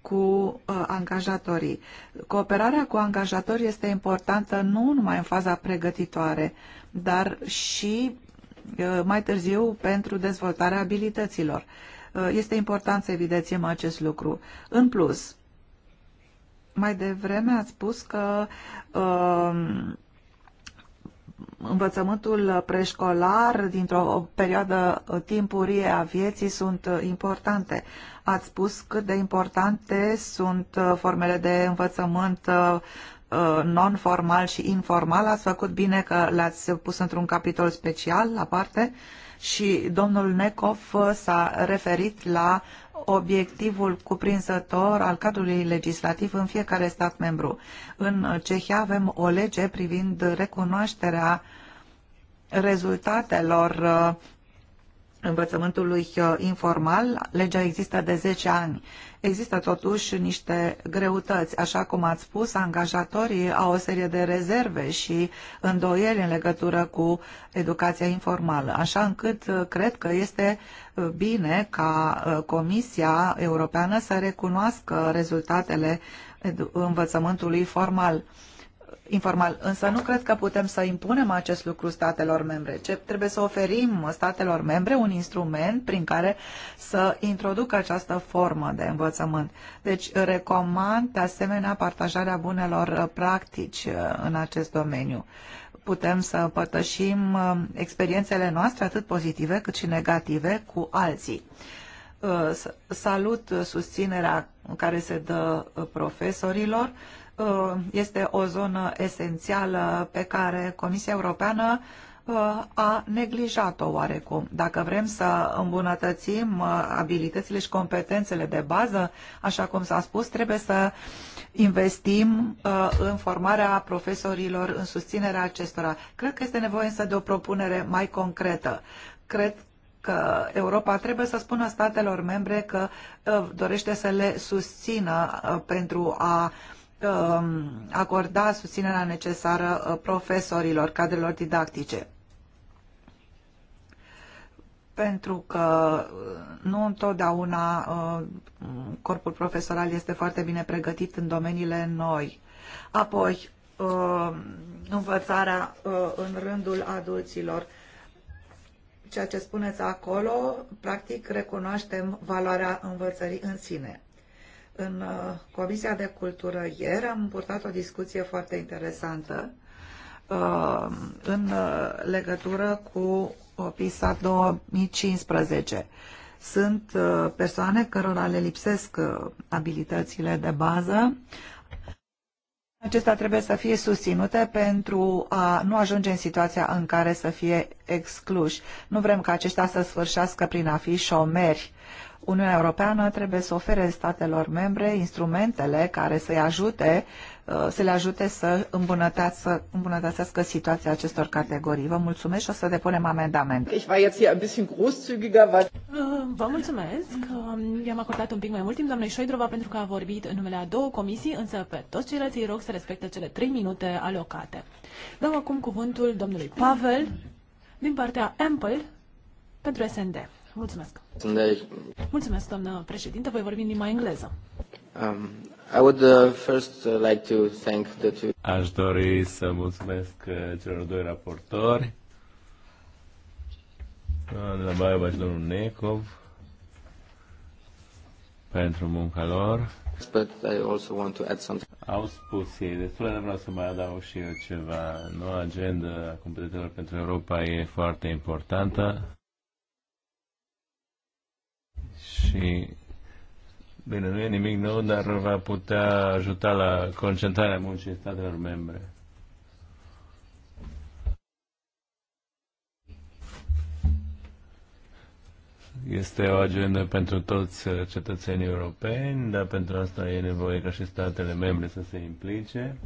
cu uh, angajatorii. Cooperarea cu angajatorii este importantă nu numai în faza pregătitoare, dar și mai târziu pentru dezvoltarea abilităților. Uh, este important să evidențiem acest lucru. În plus, mai devreme ați spus că um, învățământul preșcolar dintr-o perioadă timpurie a vieții sunt importante. Ați spus cât de importante sunt uh, formele de învățământ uh, non-formal și informal. Ați făcut bine că le-ați pus într-un capitol special, la parte. Uh, și domnul Necov uh, s-a referit la obiectivul cuprinzător al cadrului legislativ în fiecare stat membru. În Cehia avem o lege privind recunoașterea rezultatelor uh, învățământului uh, informal, legea există de 10 ani. Există totuși niște greutăți. Așa cum ați spus, angajatorii au o serie de rezerve și îndoieli în legătură cu educația informală, așa încât uh, cred că este uh, bine ca Comisia Europeană să recunoască rezultatele învățământului formal informal, însă nu cred că putem să impunem acest lucru statelor membre. Ce trebuie să oferim statelor membre un instrument prin care să introducă această formă de învățământ. Deci recomand de asemenea partajarea bunelor practici uh, în acest domeniu. Putem să împărtășim uh, experiențele noastre, atât pozitive cât și negative, cu alții uh, salut susținerea care se dă profesorilor Uh, este o zonă esențială pe care Comisia Europeană uh, a neglijat-o oarecum. Dacă vrem să îmbunătățim uh, abilitățile și competențele de bază, așa cum s-a spus, trebuie să investim în formarea profesorilor, în susținerea acestora. Cred că este nevoie însă de o propunere mai concretă. Cred că Europa trebuie să spună statelor membre că dorește să le susțină pentru a uh, Um, acorda susținerea necesară uh, profesorilor, cadrelor didactice. Pentru că uh, nu întotdeauna uh, corpul profesoral este foarte bine pregătit în domeniile noi. Apoi, învățarea în rândul adulților. Ceea ce spuneți acolo, practic, recunoaștem valoarea învățării în sine. În uh, Comisia de Cultură ieri am purtat o discuție foarte interesantă uh, în uh, legătură cu PISA 2015. Sunt persoane cărora le lipsesc abilitățile de bază. Acestea trebuie să fie susținute pentru a nu ajunge în situația în care să fie excluși. Nu vrem ca aceștia să sfârșească prin a fi șomeri Uniunea Europeană trebuie să ofere statelor membre instrumentele care să-i ajute, uh, să le ajute să îmbunătățească, îmbunătățească situația acestor categorii. Vă mulțumesc și o să depunem amendament. Uh, vă mulțumesc. I-am acordat un pic mai mult timp doamnei Șoidrova pentru că a vorbit în numele a două comisii, însă pe toți ceilalți îi rog să respecte cele trei minute alocate. Dau acum cuvântul domnului Pavel din partea Ample pentru SND. Mulțumesc. Mulțumesc, doamnă președinte. Voi vorbi în limba engleză. Um, I would uh, first uh, like to thank the two... Aș dori să mulțumesc uh, celor doi raportori Doamna Baiba și domnul Necov pentru munca lor. But I also want to add something. Au spus ei destul, de vreau să mai adaug și eu ceva. Noua agenda a competențelor pentru Europa e foarte importantă și bine, nu e nimic nou, dar va putea ajuta la concentrarea muncii statelor membre. Este o agendă pentru toți cetățenii europeni, dar pentru asta e nevoie ca și statele membre să se implice.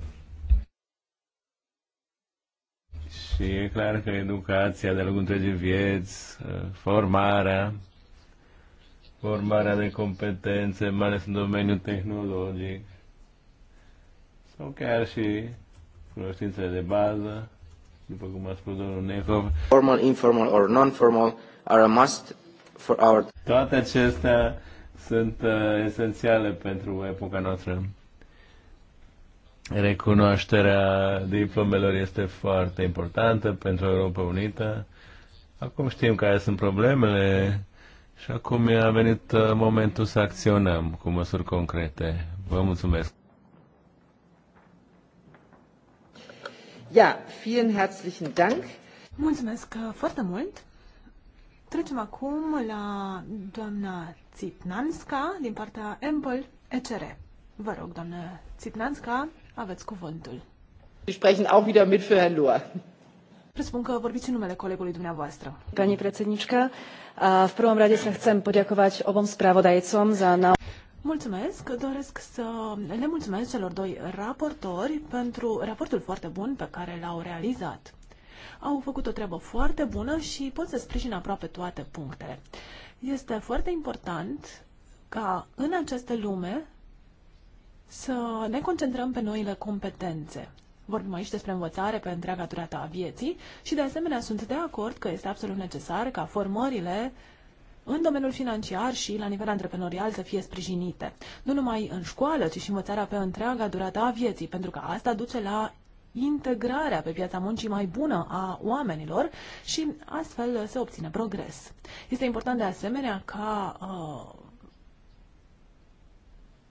Și e clar că educația de-a lungul întregii vieți, formarea, formarea de competențe, mai ales în domeniul tehnologic, sau chiar și cunoștințele de bază, după cum a spus domnul Nehov. Formal, informal or non-formal are a must for our... Toate acestea sunt uh, esențiale pentru epoca noastră. Recunoașterea diplomelor este foarte importantă pentru Europa Unită. Acum știm care sunt problemele și acum a venit uh, momentul să acționăm cu măsuri concrete. Vă mulțumesc. Ja, vielen herzlichen Dank. Mulțumesc uh, foarte mult. Trecem acum la doamna Țipnanska din partea Ample ECR. Vă rog, doamna Țipnanska, aveți cuvântul. Sie sprechen auch wieder mit für Herrn Lohr. Presupun că vorbiți în numele colegului dumneavoastră. Pani predsednička, în primul rând, să chcem podiacovați obom spravodajcom za na... Mulțumesc, doresc să le mulțumesc celor doi raportori pentru raportul foarte bun pe care l-au realizat. Au făcut o treabă foarte bună și pot să sprijin aproape toate punctele. Este foarte important ca în această lume să ne concentrăm pe noile competențe. Vorbim aici despre învățare pe întreaga durată a vieții și de asemenea sunt de acord că este absolut necesar ca formările în domeniul financiar și la nivel antreprenorial să fie sprijinite. Nu numai în școală, ci și învățarea pe întreaga durată a vieții, pentru că asta duce la integrarea pe piața muncii mai bună a oamenilor și astfel se obține progres. Este important de asemenea ca uh,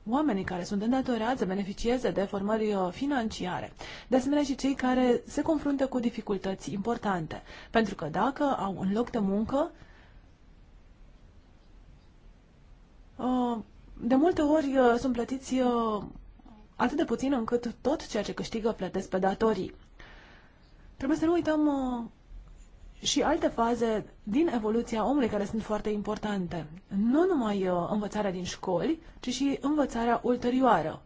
oamenii care sunt îndatorați să beneficieze de formări uh, financiare, de asemenea și cei care se confruntă cu dificultăți importante. Pentru că dacă au un loc de muncă, uh, de multe ori uh, sunt plătiți atât de puțin încât tot ceea ce câștigă plătesc pe datorii. Trebuie să nu uităm și alte faze din evoluția omului care sunt foarte importante. Nu numai uh, învățarea din școli, ci și învățarea ulterioară.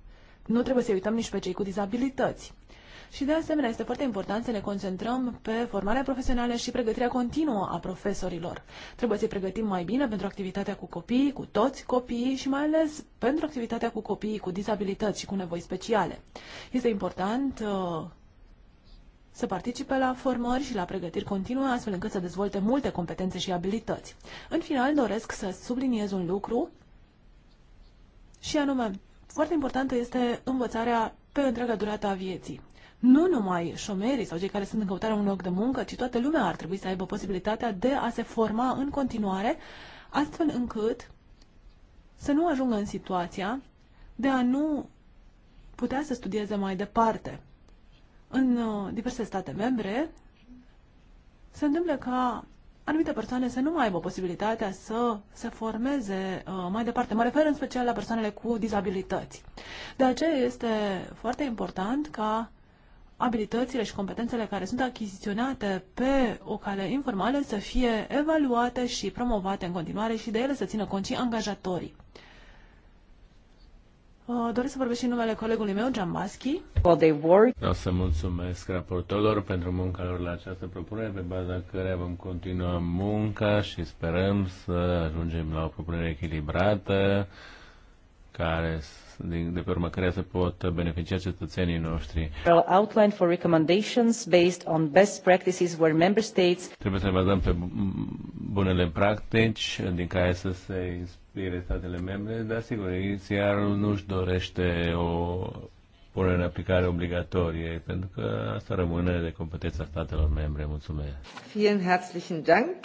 Nu trebuie să uităm nici pe cei cu dizabilități. Și de asemenea este foarte important să ne concentrăm pe formarea profesională și pregătirea continuă a profesorilor. Trebuie să-i pregătim mai bine pentru activitatea cu copiii, cu toți copiii și mai ales pentru activitatea cu copiii cu dizabilități și cu nevoi speciale. Este important uh, să participe la formări și la pregătiri continue, astfel încât să dezvolte multe competențe și abilități. În final, doresc să subliniez un lucru și anume, foarte importantă este învățarea pe întreaga durată a vieții. Nu numai șomerii sau cei care sunt în căutarea unui loc de muncă, ci toată lumea ar trebui să aibă posibilitatea de a se forma în continuare, astfel încât să nu ajungă în situația de a nu putea să studieze mai departe în uh, diverse state membre se întâmplă ca anumite persoane să nu mai aibă posibilitatea să se formeze uh, mai departe. Mă refer în special la persoanele cu dizabilități. De aceea este foarte important ca abilitățile și competențele care sunt achiziționate pe o cale informală să fie evaluate și promovate în continuare și de ele să țină cont angajatorii. Uh, doresc să vorbesc și numele colegului meu, Maschi. Vreau să mulțumesc raportorilor pentru munca lor la această propunere, pe baza care vom continua munca și sperăm să ajungem la o propunere echilibrată care de pe urmă care să pot beneficia cetățenii noștri. Outline for recommendations based on best practices where member states Trebuie să ne bazăm pe bunele practici din care să se inspire statele membre, dar sigur, inițialul nu-și dorește o punere în aplicare obligatorie, pentru că asta rămâne de competența statelor membre. Mulțumesc. Vielen herzlichen Dank.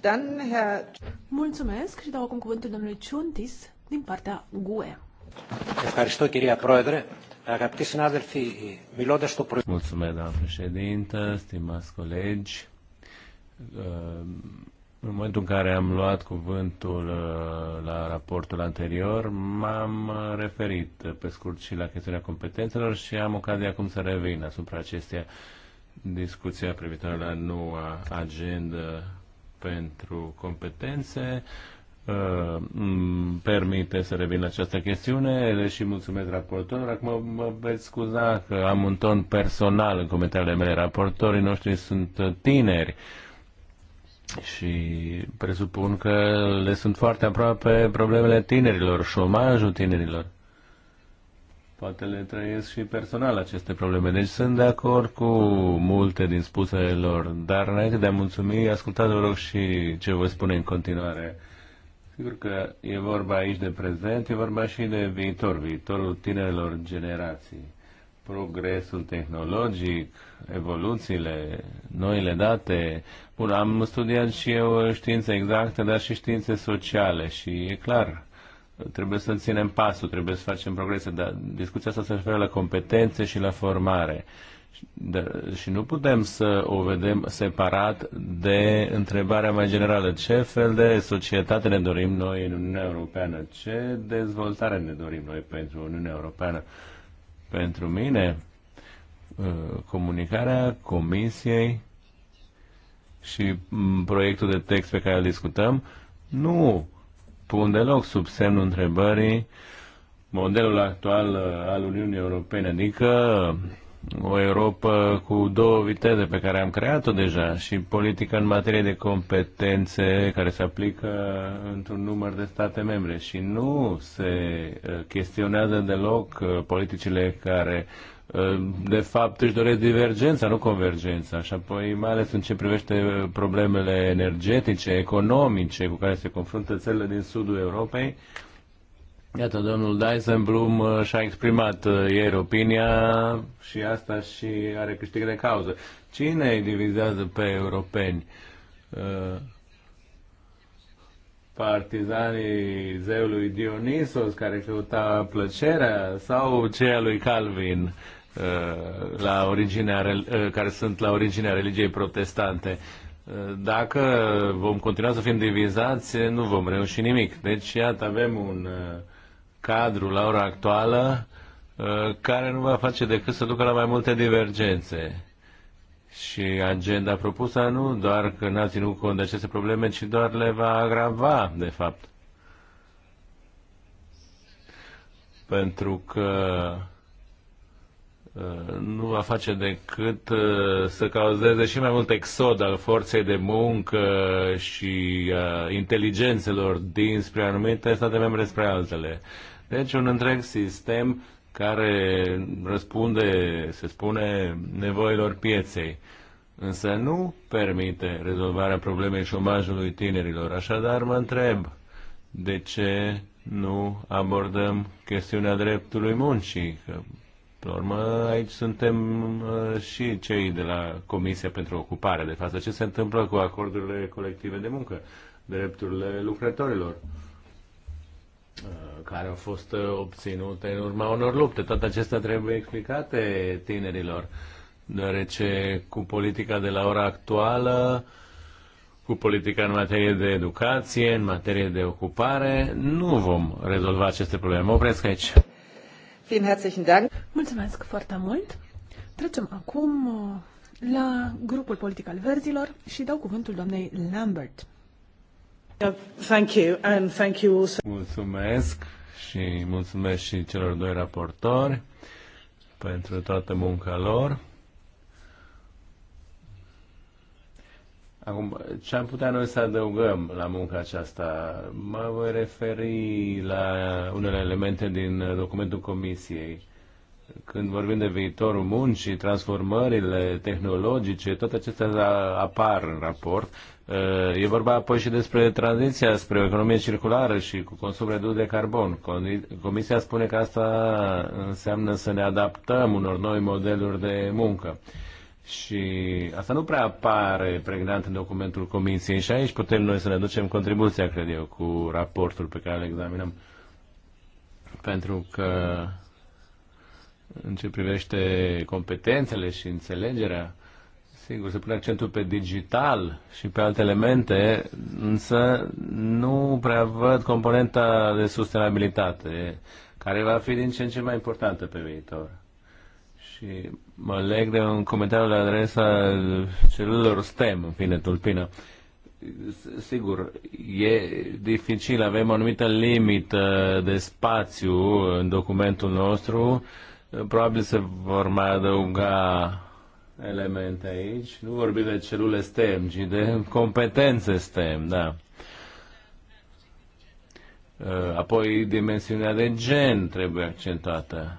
Dann Herr... Mulțumesc și dau acum cuvântul domnului Ciuntis din partea GUE. Ευχαριστώ κυρία Πρόεδρε. Αγαπητοί συνάδελφοι, μιλώντας πρωί... Mulțumesc, doamnă președintă, stimați colegi. În momentul în care am luat cuvântul uh, la raportul anterior, m-am uh, referit uh, pe scurt și la chestiunea competențelor și am ocazia acum să revin asupra acesteia discuția privitoare la noua agendă pentru competențe îmi uh, permite să revin la această chestiune, și mulțumesc raportorilor. Acum mă veți scuza că am un ton personal în comentariile mele. Raportorii noștri sunt tineri și presupun că le sunt foarte aproape problemele tinerilor, șomajul tinerilor. Poate le trăiesc și personal aceste probleme. Deci sunt de acord cu multe din spusele lor, dar înainte de a mulțumi, ascultați-vă rog și ce vă spune în continuare Sigur că e vorba aici de prezent, e vorba și de viitor, viitorul tinerilor generații. Progresul tehnologic, evoluțiile, noile date. Bun, am studiat și eu științe exacte, dar și științe sociale și e clar, trebuie să ținem pasul, trebuie să facem progrese, dar discuția asta se referă la competențe și la formare. Uh, da, și nu putem să o vedem separat de întrebarea mai generală. Ce fel de societate ne dorim noi în Uniunea Europeană? Ce dezvoltare ne dorim noi pentru Uniunea Europeană? Pentru mine, uh, comunicarea Comisiei și mm, proiectul de text pe care îl discutăm nu pun deloc sub semnul întrebării modelul actual uh, al Uniunii Europene, adică o Europa cu două viteze pe care am creat-o deja și politica în materie de competențe care se aplică într-un număr de state membre și nu se uh, chestionează deloc uh, politicile care uh, de fapt își doresc divergența, nu convergența și apoi mai ales în ce privește problemele energetice, economice cu care se confruntă țările din sudul Europei Iată, domnul Dyson Bloom uh, și-a exprimat uh, ieri opinia și asta și are câștig de cauză. Cine îi divizează pe europeni? Uh, partizanii zeului Dionisos care căuta plăcerea sau cei lui Calvin la originea, care sunt la originea religiei protestante? Dacă vom continua să fim divizați, nu vom reuși nimic. Deci, iată, avem un uh, cadru la ora actuală uh, care nu va face decât să ducă la mai multe divergențe. Și agenda propusă nu doar că n-a ținut cont de aceste probleme, ci doar le va agrava, de fapt. Pentru că uh, nu va face decât uh, să cauzeze și mai mult exod al forței de muncă și inteligențelor dinspre anumite state membre spre altele. Deci un întreg sistem care răspunde, se spune, nevoilor pieței, însă nu permite rezolvarea problemei șomajului tinerilor. Așadar, mă întreb, de ce nu abordăm chestiunea dreptului muncii? Că, pe urmă, aici suntem uh, și cei de la Comisia pentru Ocupare, de față. Ce se întâmplă cu acordurile colective de muncă, drepturile lucrătorilor? Uh, care au fost uh, obținute în urma unor lupte. Toate acestea trebuie explicate tinerilor, deoarece cu politica de la ora actuală, cu politica în materie de educație, în materie de ocupare, nu vom rezolva aceste probleme. Mă opresc aici. Mulțumesc foarte mult. Trecem acum uh, la grupul politic al verzilor și dau cuvântul doamnei Lambert. Thank you and thank you also. Mulțumesc și mulțumesc și celor doi raportori pentru toată munca lor. Acum, ce am putea noi să adăugăm la munca aceasta? Mă voi referi la unele elemente din documentul Comisiei când vorbim de viitorul muncii, transformările tehnologice, toate acestea apar în raport. Uh, e vorba apoi și despre tranziția spre o economie circulară și cu consum redus de carbon. Comisia spune că asta înseamnă să ne adaptăm unor noi modeluri de muncă. Și asta nu prea apare pregnant în documentul Comisiei și aici putem noi să ne ducem contribuția, cred eu, cu raportul pe care îl examinăm. Pentru că în ce privește competențele și înțelegerea. Sigur, se pune accentul pe digital și pe alte elemente, însă nu prea văd componenta de sustenabilitate, care va fi din ce în ce mai importantă pe viitor. Și mă leg de un comentariu la adresa celulelor STEM, în fine, tulpină. Sigur, e dificil, avem o anumită limită de spațiu în documentul nostru, uh, Probabil se vor mai adăuga elemente aici. Nu vorbim de celule STEM, ci de competențe STEM, da. Uh, apoi dimensiunea de gen trebuie accentuată.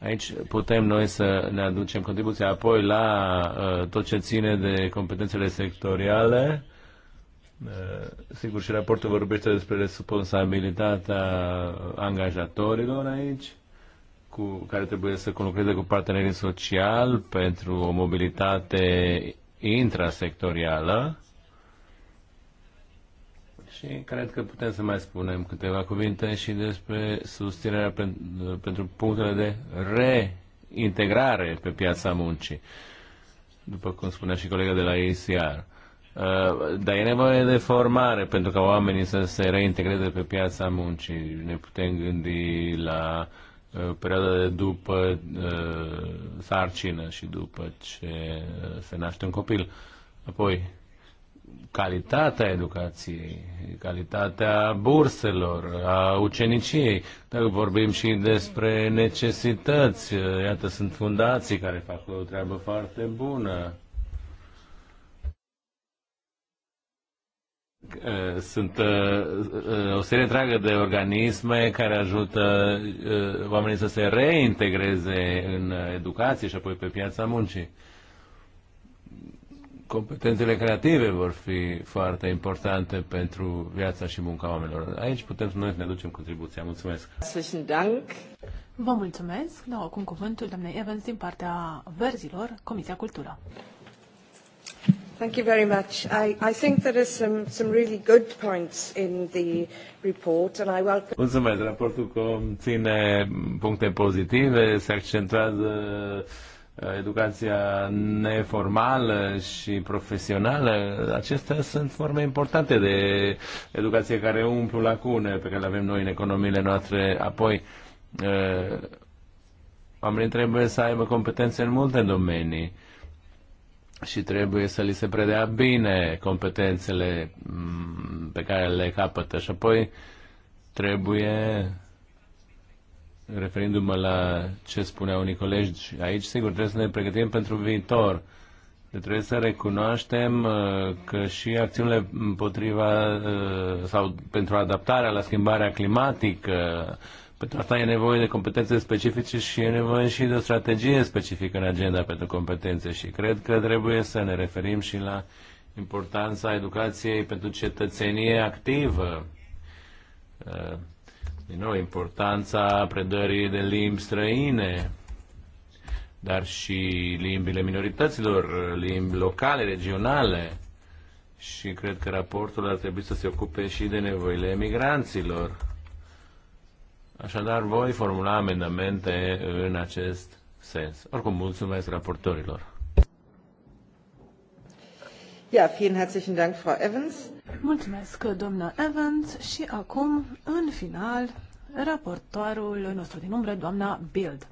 Aici putem noi să ne aducem contribuția apoi la uh, tot ce ține de competențele sectoriale. Uh, sigur, și raportul vorbește despre responsabilitatea angajatorilor aici cu, care trebuie să conlucreze cu partenerii social pentru o mobilitate intrasectorială și cred că putem să mai spunem câteva cuvinte și despre susținerea pentru punctele de reintegrare pe piața muncii, după cum spunea și colega de la ACR. Uh, dar e nevoie de formare pentru ca oamenii să se reintegreze pe piața muncii. Ne putem gândi la uh, perioada de după uh, sarcină și după ce se naște un copil. Apoi, calitatea educației, calitatea burselor, a uceniciei. Dacă vorbim și despre necesități, iată, sunt fundații care fac o treabă foarte bună Eh, sunt eh, eh, o serie întreagă de organisme care ajută oamenii să se reintegreze în educație și apoi pe piața muncii. Competențele creative vor fi foarte importante pentru viața și munca oamenilor. Aici putem noi să ne aducem contribuția. Mulțumesc! Vă mulțumesc! Dau acum cuvântul doamnei Evans din partea verzilor, Comisia Cultură. Thank you very much. I, I think there are some, some really good points in the report and I welcome... Mulțumesc. Raportul conține puncte pozitive, se accentuează uh, educația neformală și profesională, acestea sunt forme importante de educație care umplu lacune pe care le avem noi în economiile noastre. Apoi, uh, oamenii trebuie să aibă competențe în multe domenii și trebuie să li se predea bine competențele mm, pe care le capătă și apoi trebuie referindu-mă la ce spuneau unii colegi aici, sigur, trebuie să ne pregătim pentru viitor. Trebuie să recunoaștem uh, că și acțiunile împotriva uh, sau pentru adaptarea la schimbarea climatică pentru asta e nevoie de competențe specifice și e nevoie și de o strategie specifică în agenda pentru competențe și cred că trebuie să ne referim și la importanța educației pentru cetățenie activă. Uh, din nou, importanța predării de limbi străine, dar și limbile minorităților, limbi locale, regionale. Și cred că raportul ar trebui să se ocupe și de nevoile emigranților Așadar, voi formula amendamente în acest sens. Oricum, mulțumesc raportorilor. Ja, vielen herzlichen Dank, Frau Evans. Mulțumesc, doamna Evans. Și acum, în final, raportoarul nostru din umbră, doamna Bild.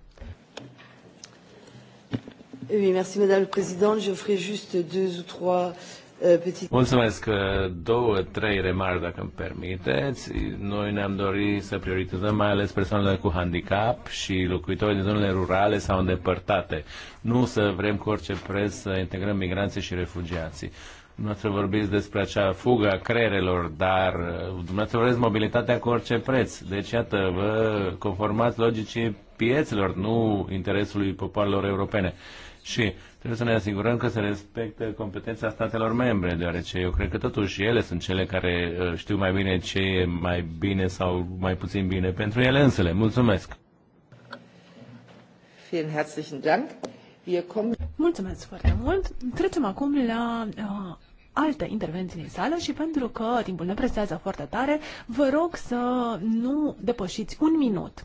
Oui, merci, Madame le Président. Je ferai juste deux ou trois Uh, petit... Mulțumesc. Uh, două, trei remarci, dacă îmi permiteți. Noi ne-am dorit să prioritizăm mai ales persoanele cu handicap și locuitorii din zonele rurale sau îndepărtate. Nu să vrem cu orice preț să integrăm migranții și refugiații. Dumneavoastră vorbiți despre acea fugă a creierelor, dar uh, dumneavoastră vreți mobilitatea cu orice preț. Deci, iată, vă conformați logicii piețelor, nu interesului popoarelor europene. Și trebuie să ne asigurăm că se respectă competența statelor membre, deoarece eu cred că totuși ele sunt cele care uh, știu mai bine ce e mai bine sau mai puțin bine pentru ele însele. Mulțumesc! Vielen herzlichen Dank. Wir kommen... Mulțumesc foarte mult! Trecem acum la uh, alte intervenții în sală și pentru că timpul ne prestează foarte tare, vă rog să nu depășiți un minut.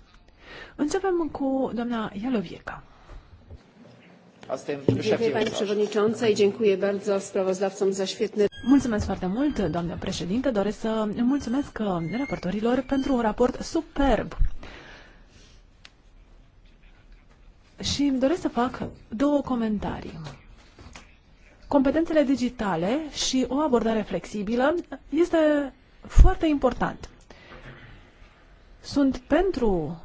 Începem cu doamna Ialovieca a z dziękuję bardzo sprawozdawcom za Mulțumesc foarte mult, doamnă președinte. Doresc să mulțumesc uh, raportorilor pentru un raport superb. Și îmi doresc să fac două comentarii. Competențele digitale și o abordare flexibilă este foarte important. Sunt pentru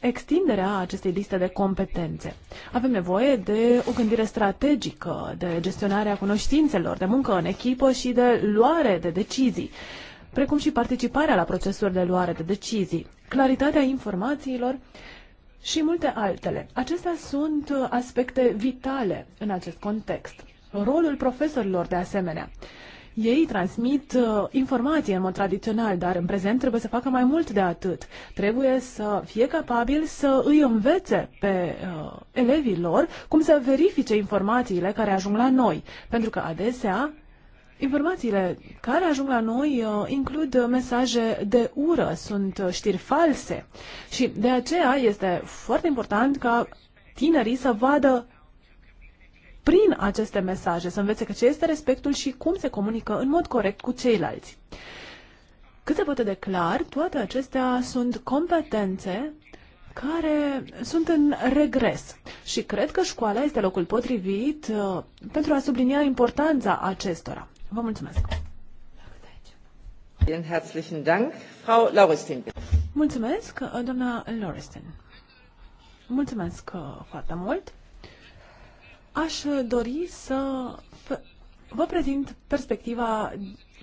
extinderea acestei liste de competențe. Avem nevoie de o gândire strategică, de gestionarea cunoștințelor, de muncă în echipă și de luare de decizii, precum și participarea la procesuri de luare de decizii, claritatea informațiilor și multe altele. Acestea sunt aspecte vitale în acest context. Rolul profesorilor, de asemenea. Ei transmit uh, informații în mod tradițional, dar în prezent trebuie să facă mai mult de atât. Trebuie să fie capabil să îi învețe pe uh, elevii lor cum să verifice informațiile care ajung la noi. Pentru că adesea Informațiile care ajung la noi uh, includ mesaje de ură, sunt uh, știri false și de aceea este foarte important ca tinerii să vadă prin aceste mesaje, să învețe că ce este respectul și cum se comunică în mod corect cu ceilalți. Cât se poate de clar, toate acestea sunt competențe care sunt în regres și cred că școala este locul potrivit uh, pentru a sublinia importanța acestora. Vă mulțumesc! Mulțumesc, uh, doamna Lauristin. Mulțumesc uh, foarte mult aș dori să vă prezint perspectiva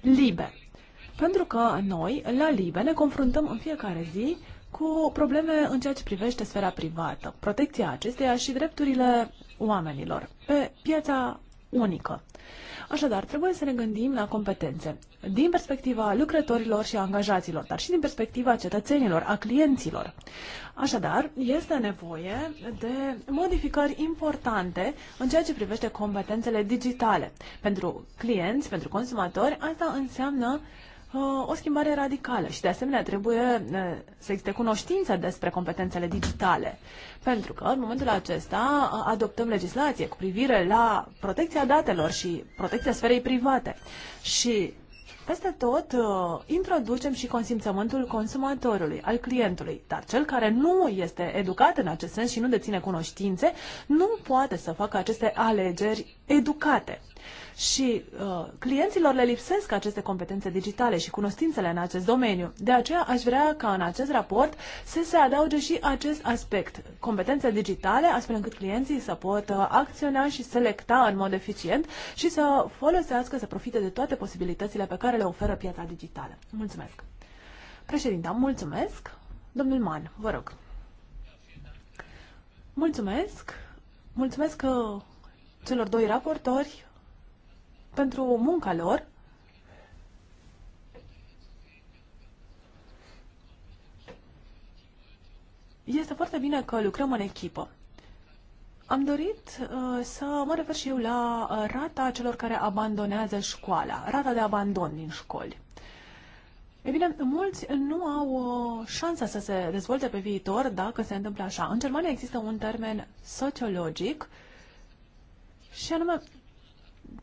LIBE. Pentru că noi, la LIBE, ne confruntăm în fiecare zi cu probleme în ceea ce privește sfera privată, protecția acesteia și drepturile oamenilor pe piața unică. Așadar, trebuie să ne gândim la competențe din perspectiva lucrătorilor și angajaților, dar și din perspectiva cetățenilor, a clienților. Așadar, este nevoie de modificări importante în ceea ce privește competențele digitale. Pentru clienți, pentru consumatori, asta înseamnă Uh, o schimbare radicală și de asemenea trebuie uh, să existe cunoștință despre competențele digitale. Pentru că în momentul acesta uh, adoptăm legislație cu privire la protecția datelor și protecția sferei private și peste tot introducem și consimțământul consumatorului, al clientului, dar cel care nu este educat în acest sens și nu deține cunoștințe, nu poate să facă aceste alegeri educate și uh, clienților le lipsesc aceste competențe digitale și cunoștințele în acest domeniu. De aceea aș vrea ca în acest raport să se adauge și acest aspect, competențe digitale, astfel încât clienții să poată acționa și selecta în mod eficient și să folosească, să profite de toate posibilitățile pe care le oferă piața digitală. Mulțumesc! Președinte, mulțumesc! Domnul Man, vă rog! Mulțumesc! Mulțumesc uh, celor doi raportori pentru munca lor. Este foarte bine că lucrăm în echipă. Am dorit uh, să mă refer și eu la uh, rata celor care abandonează școala, rata de abandon din școli. E bine, mulți nu au uh, șansa să se dezvolte pe viitor dacă se întâmplă așa. În Germania există un termen sociologic și anume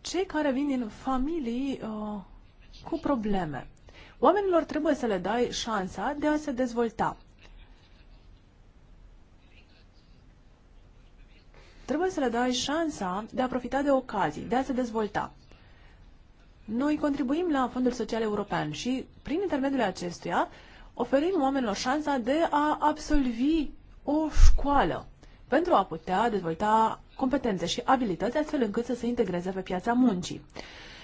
cei care vin din familii uh, cu probleme. Oamenilor trebuie să le dai șansa de a se dezvolta. Trebuie să le dai șansa de a profita de ocazii, de a se dezvolta. Noi contribuim la Fondul Social European și, prin intermediul acestuia, oferim oamenilor șansa de a absolvi o școală pentru a putea dezvolta competențe și abilități astfel încât să se integreze pe piața muncii.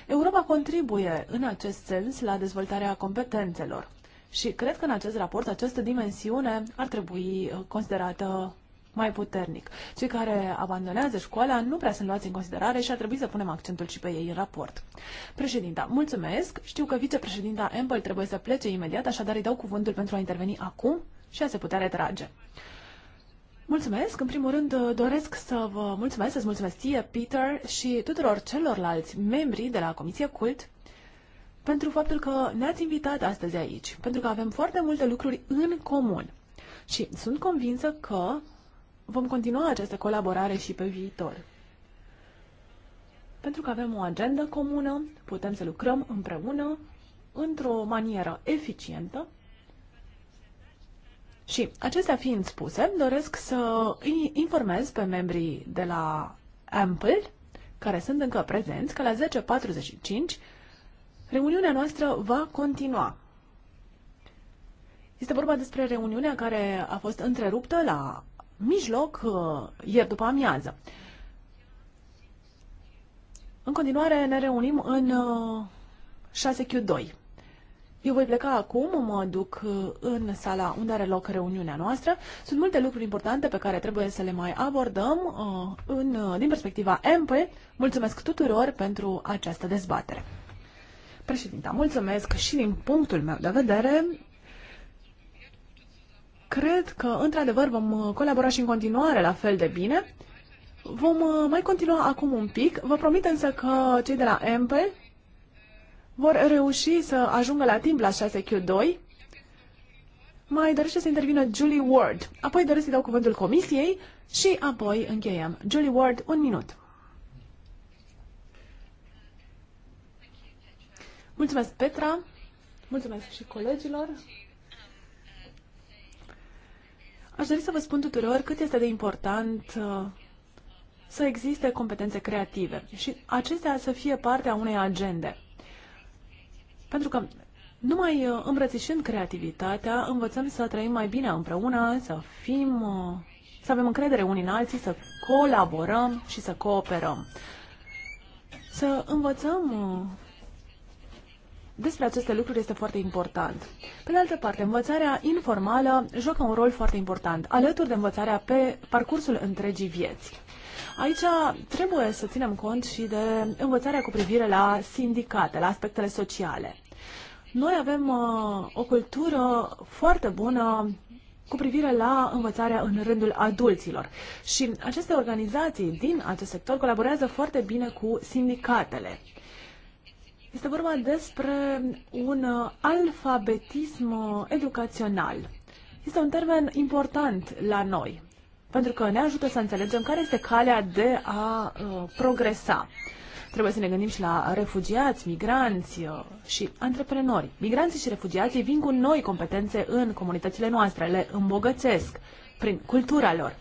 Europa contribuie în acest sens la dezvoltarea competențelor și cred că în acest raport această dimensiune ar trebui uh, considerată mai puternic. Cei care abandonează școala nu prea sunt luați în considerare și ar trebui să punem accentul și pe ei în raport. Președinta, mulțumesc. Știu că vicepreședinta Ample trebuie să plece imediat, așadar îi dau cuvântul pentru a interveni acum și a se putea retrage. Mulțumesc! În primul rând uh, doresc să vă mulțumesc, să-ți mulțumesc ție, Peter, și tuturor celorlalți membri de la Comisia CULT pentru faptul că ne-ați invitat astăzi aici, pentru că avem foarte multe lucruri în comun. Și sunt convinsă că vom continua această colaborare și pe viitor. Pentru că avem o agendă comună, putem să lucrăm împreună într-o manieră eficientă și acestea fiind spuse, doresc să îi informez pe membrii de la Ample, care sunt încă prezenți, că la 10.45 reuniunea noastră va continua. Este vorba despre reuniunea care a fost întreruptă la mijloc uh, ieri după amiază. În continuare ne reunim în 6Q2. Uh, eu voi pleca acum, mă duc uh, în sala unde are loc reuniunea noastră. Sunt multe lucruri importante pe care trebuie să le mai abordăm uh, în, uh, din perspectiva MP. Mulțumesc tuturor pentru această dezbatere. Președinta, mulțumesc și din punctul meu de vedere. Cred că, într-adevăr, vom colabora și în continuare la fel de bine. Vom mai continua acum un pic. Vă promit însă că cei de la Ample vor reuși să ajungă la timp la 6Q2. Mai dorește să intervină Julie Ward. Apoi doresc să dau cuvântul comisiei și apoi încheiem. Julie Ward, un minut. Mulțumesc, Petra. Mulțumesc și colegilor. Aș dori să vă spun tuturor cât este de important uh, să existe competențe creative și acestea să fie parte a unei agende. Pentru că numai uh, îmbrățișând creativitatea, învățăm să trăim mai bine împreună, să fim, uh, să avem încredere unii în alții, să colaborăm și să cooperăm. Să învățăm uh, despre aceste lucruri este foarte important. Pe de altă parte, învățarea informală joacă un rol foarte important, alături de învățarea pe parcursul întregii vieți. Aici trebuie să ținem cont și de învățarea cu privire la sindicate, la aspectele sociale. Noi avem uh, o cultură foarte bună cu privire la învățarea în rândul adulților. Și aceste organizații din acest sector colaborează foarte bine cu sindicatele. Este vorba despre un alfabetism educațional. Este un termen important la noi pentru că ne ajută să înțelegem care este calea de a uh, progresa. Trebuie să ne gândim și la refugiați, migranți uh, și antreprenori. Migranții și refugiații vin cu noi competențe în comunitățile noastre, le îmbogățesc prin cultura lor.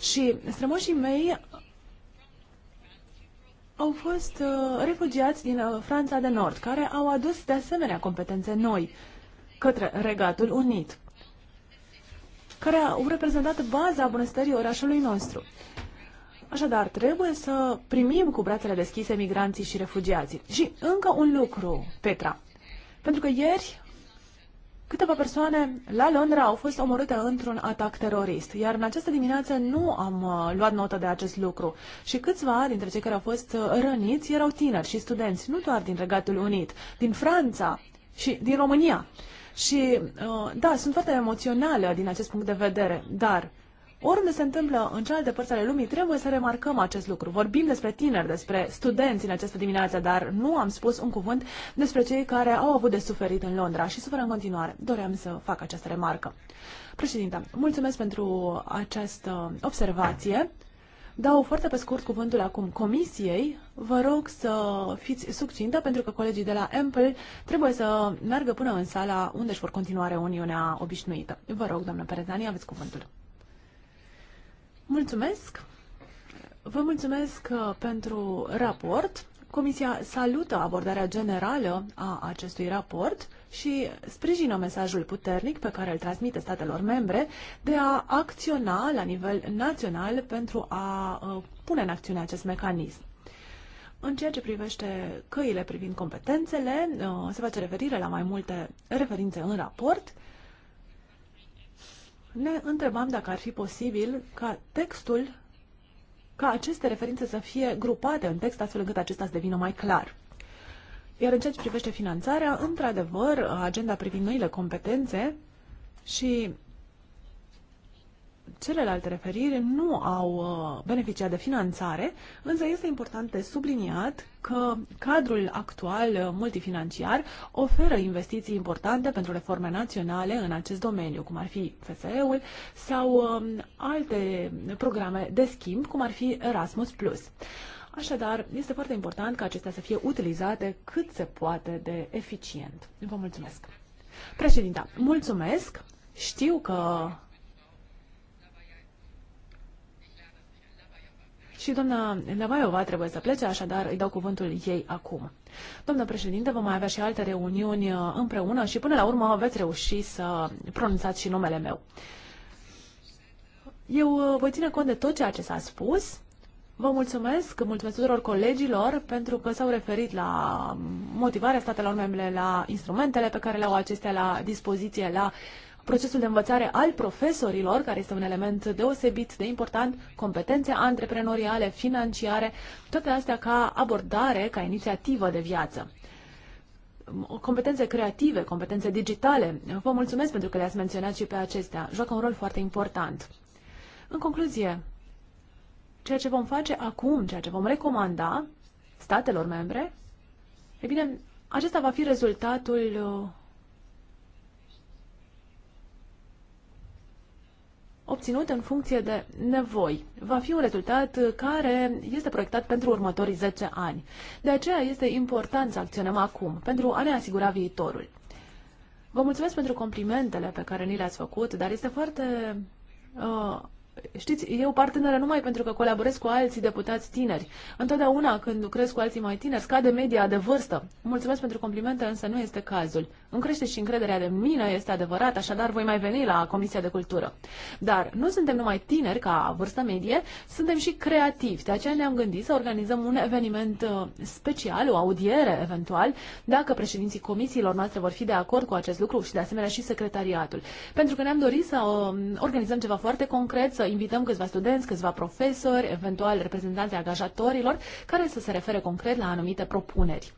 Și strămoșii mei au fost uh, refugiați din uh, Franța de Nord, care au adus de asemenea competențe noi către Regatul Unit care au reprezentat baza bunăstării orașului nostru. Așadar, trebuie să primim cu brațele deschise migranții și refugiații. Și încă un lucru, Petra. Pentru că ieri câteva persoane la Londra au fost omorâte într-un atac terorist, iar în această dimineață nu am uh, luat notă de acest lucru. Și câțiva dintre cei care au fost uh, răniți erau tineri și studenți, nu doar din Regatul Unit, din Franța și din România. Și, uh, da, sunt foarte emoțională din acest punct de vedere, dar oriunde se întâmplă în cealaltă părți ale lumii, trebuie să remarcăm acest lucru. Vorbim despre tineri, despre studenți în această dimineață, dar nu am spus un cuvânt despre cei care au avut de suferit în Londra și suferă în continuare. Doream să fac această remarcă. Președinta, mulțumesc pentru această observație. Dau foarte pe scurt cuvântul acum Comisiei Vă rog să fiți succintă pentru că colegii de la Ample trebuie să meargă până în sala unde își vor continua reuniunea obișnuită. Vă rog, doamnă Perezani, aveți cuvântul. Mulțumesc! Vă mulțumesc uh, pentru raport. Comisia salută abordarea generală a acestui raport și sprijină mesajul puternic pe care îl transmite statelor membre de a acționa la nivel național pentru a uh, pune în acțiune acest mecanism. În ceea ce privește căile privind competențele, uh, se face referire la mai multe referințe în raport. Ne întrebam dacă ar fi posibil ca textul, ca aceste referințe să fie grupate în text astfel încât acesta să devină mai clar. Iar în ceea ce privește finanțarea, într-adevăr, agenda privind noile competențe și celelalte referiri nu au uh, beneficiat de finanțare, însă este important de subliniat că cadrul actual uh, multifinanciar oferă investiții importante pentru reforme naționale în acest domeniu, cum ar fi FSE-ul sau um, alte programe de schimb, cum ar fi Erasmus+. Așadar, este foarte important ca acestea să fie utilizate cât se poate de eficient. Vă mulțumesc! Președinta, mulțumesc! Știu că și doamna Nevaiova trebuie să plece, așadar îi dau cuvântul ei acum. Doamnă președinte, vom mai avea și alte reuniuni uh, împreună și până la urmă veți reuși să pronunțați și numele meu. Eu uh, voi ține cont de tot ceea ce s-a spus. Vă mulțumesc, mulțumesc tuturor colegilor pentru că s-au referit la motivarea statelor membre, la instrumentele pe care le au acestea la dispoziție, la uh, procesul de învățare al profesorilor, care este un element deosebit de important, competențe antreprenoriale, financiare, toate astea ca abordare, ca inițiativă de viață competențe creative, competențe digitale. Vă mulțumesc pentru că le-ați menționat și pe acestea. Joacă un rol foarte important. În concluzie, ceea ce vom face acum, ceea ce vom recomanda statelor membre, e bine, acesta va fi rezultatul uh, obținut în funcție de nevoi. Va fi un rezultat care este proiectat pentru următorii 10 ani. De aceea este important să acționăm acum, pentru a ne asigura viitorul. Vă mulțumesc pentru complimentele pe care ni le-ați făcut, dar este foarte uh, Știți, eu parteneră numai pentru că colaborez cu alții deputați tineri. Întotdeauna când lucrez cu alții mai tineri, scade media de vârstă. Mulțumesc pentru complimente, însă nu este cazul. Îmi crește și încrederea de mine, este adevărat, așadar voi mai veni la Comisia de Cultură. Dar nu suntem numai tineri ca vârstă medie, suntem și creativi. De aceea ne-am gândit să organizăm un eveniment uh, special, o audiere eventual, dacă președinții comisiilor noastre vor fi de acord cu acest lucru și de asemenea și secretariatul. Pentru că ne-am dorit să uh, organizăm ceva foarte concret, să invităm câțiva studenți, câțiva profesori, eventual reprezentanții angajatorilor, care să se refere concret la anumite propuneri.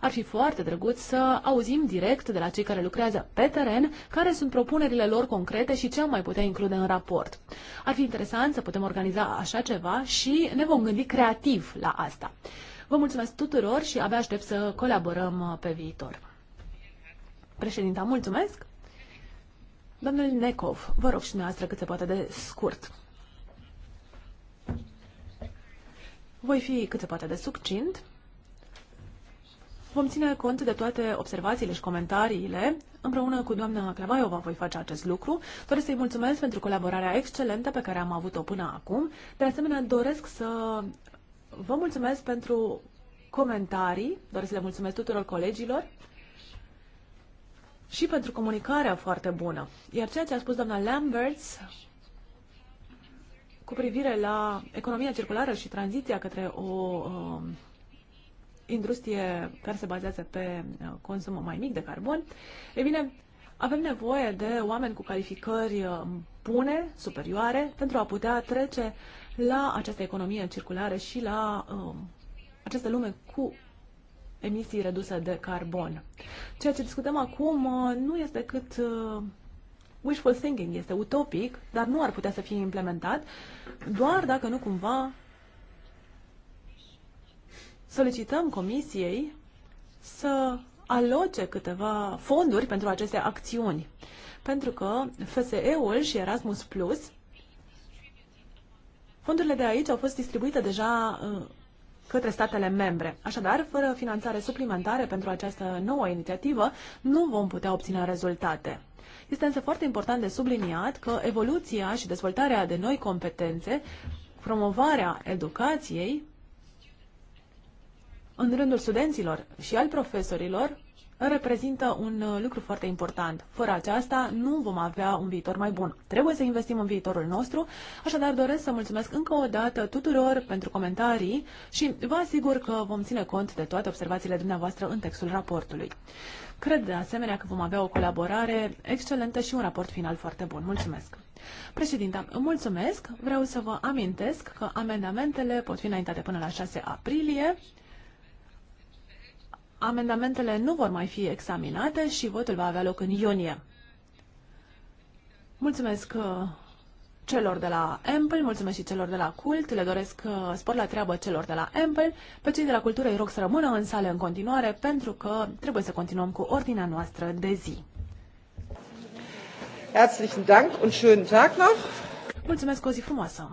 Ar fi foarte drăguț să auzim direct de la cei care lucrează pe teren care sunt propunerile lor concrete și ce am mai putea include în raport. Ar fi interesant să putem organiza așa ceva și ne vom gândi creativ la asta. Vă mulțumesc tuturor și abia aștept să colaborăm pe viitor. Președinta, mulțumesc! Domnul Necov, vă rog și dumneavoastră cât se poate de scurt. Voi fi cât se poate de succint. Vom ține cont de toate observațiile și comentariile. Împreună cu doamna Clavaiova voi face acest lucru. Doresc să-i mulțumesc pentru colaborarea excelentă pe care am avut-o până acum. De asemenea, doresc să vă mulțumesc pentru comentarii. Doresc să le mulțumesc tuturor colegilor și pentru comunicarea foarte bună. Iar ceea ce a spus doamna Lamberts cu privire la economia circulară și tranziția către o uh, industrie care se bazează pe uh, consum mai mic de carbon, e bine, avem nevoie de oameni cu calificări uh, bune, superioare, pentru a putea trece la această economie circulară și la uh, această lume cu emisii reduse de carbon. Ceea ce discutăm acum uh, nu este decât uh, wishful thinking, este utopic, dar nu ar putea să fie implementat, doar dacă nu cumva solicităm Comisiei să aloce câteva fonduri pentru aceste acțiuni. Pentru că FSE-ul și Erasmus Plus, fondurile de aici au fost distribuite deja uh, către statele membre. Așadar, fără finanțare suplimentare pentru această nouă inițiativă, nu vom putea obține rezultate. Este însă foarte important de subliniat că evoluția și dezvoltarea de noi competențe, promovarea educației în rândul studenților și al profesorilor reprezintă un uh, lucru foarte important. Fără aceasta nu vom avea un viitor mai bun. Trebuie să investim în viitorul nostru, așadar doresc să mulțumesc încă o dată tuturor pentru comentarii și vă asigur că vom ține cont de toate observațiile dumneavoastră în textul raportului. Cred de asemenea că vom avea o colaborare excelentă și un raport final foarte bun. Mulțumesc! Președinta, mulțumesc! Vreau să vă amintesc că amendamentele pot fi înaintate până la 6 aprilie amendamentele nu vor mai fi examinate și votul va avea loc în iunie. Mulțumesc uh, celor de la Ample, mulțumesc și celor de la Cult, le doresc uh, spor la treabă celor de la Ample. Pe cei de la Cultură îi rog să rămână în sale în continuare pentru că trebuie să continuăm cu ordinea noastră de zi. Herzlichen Dank und schönen Tag noch. Mulțumesc o zi frumoasă.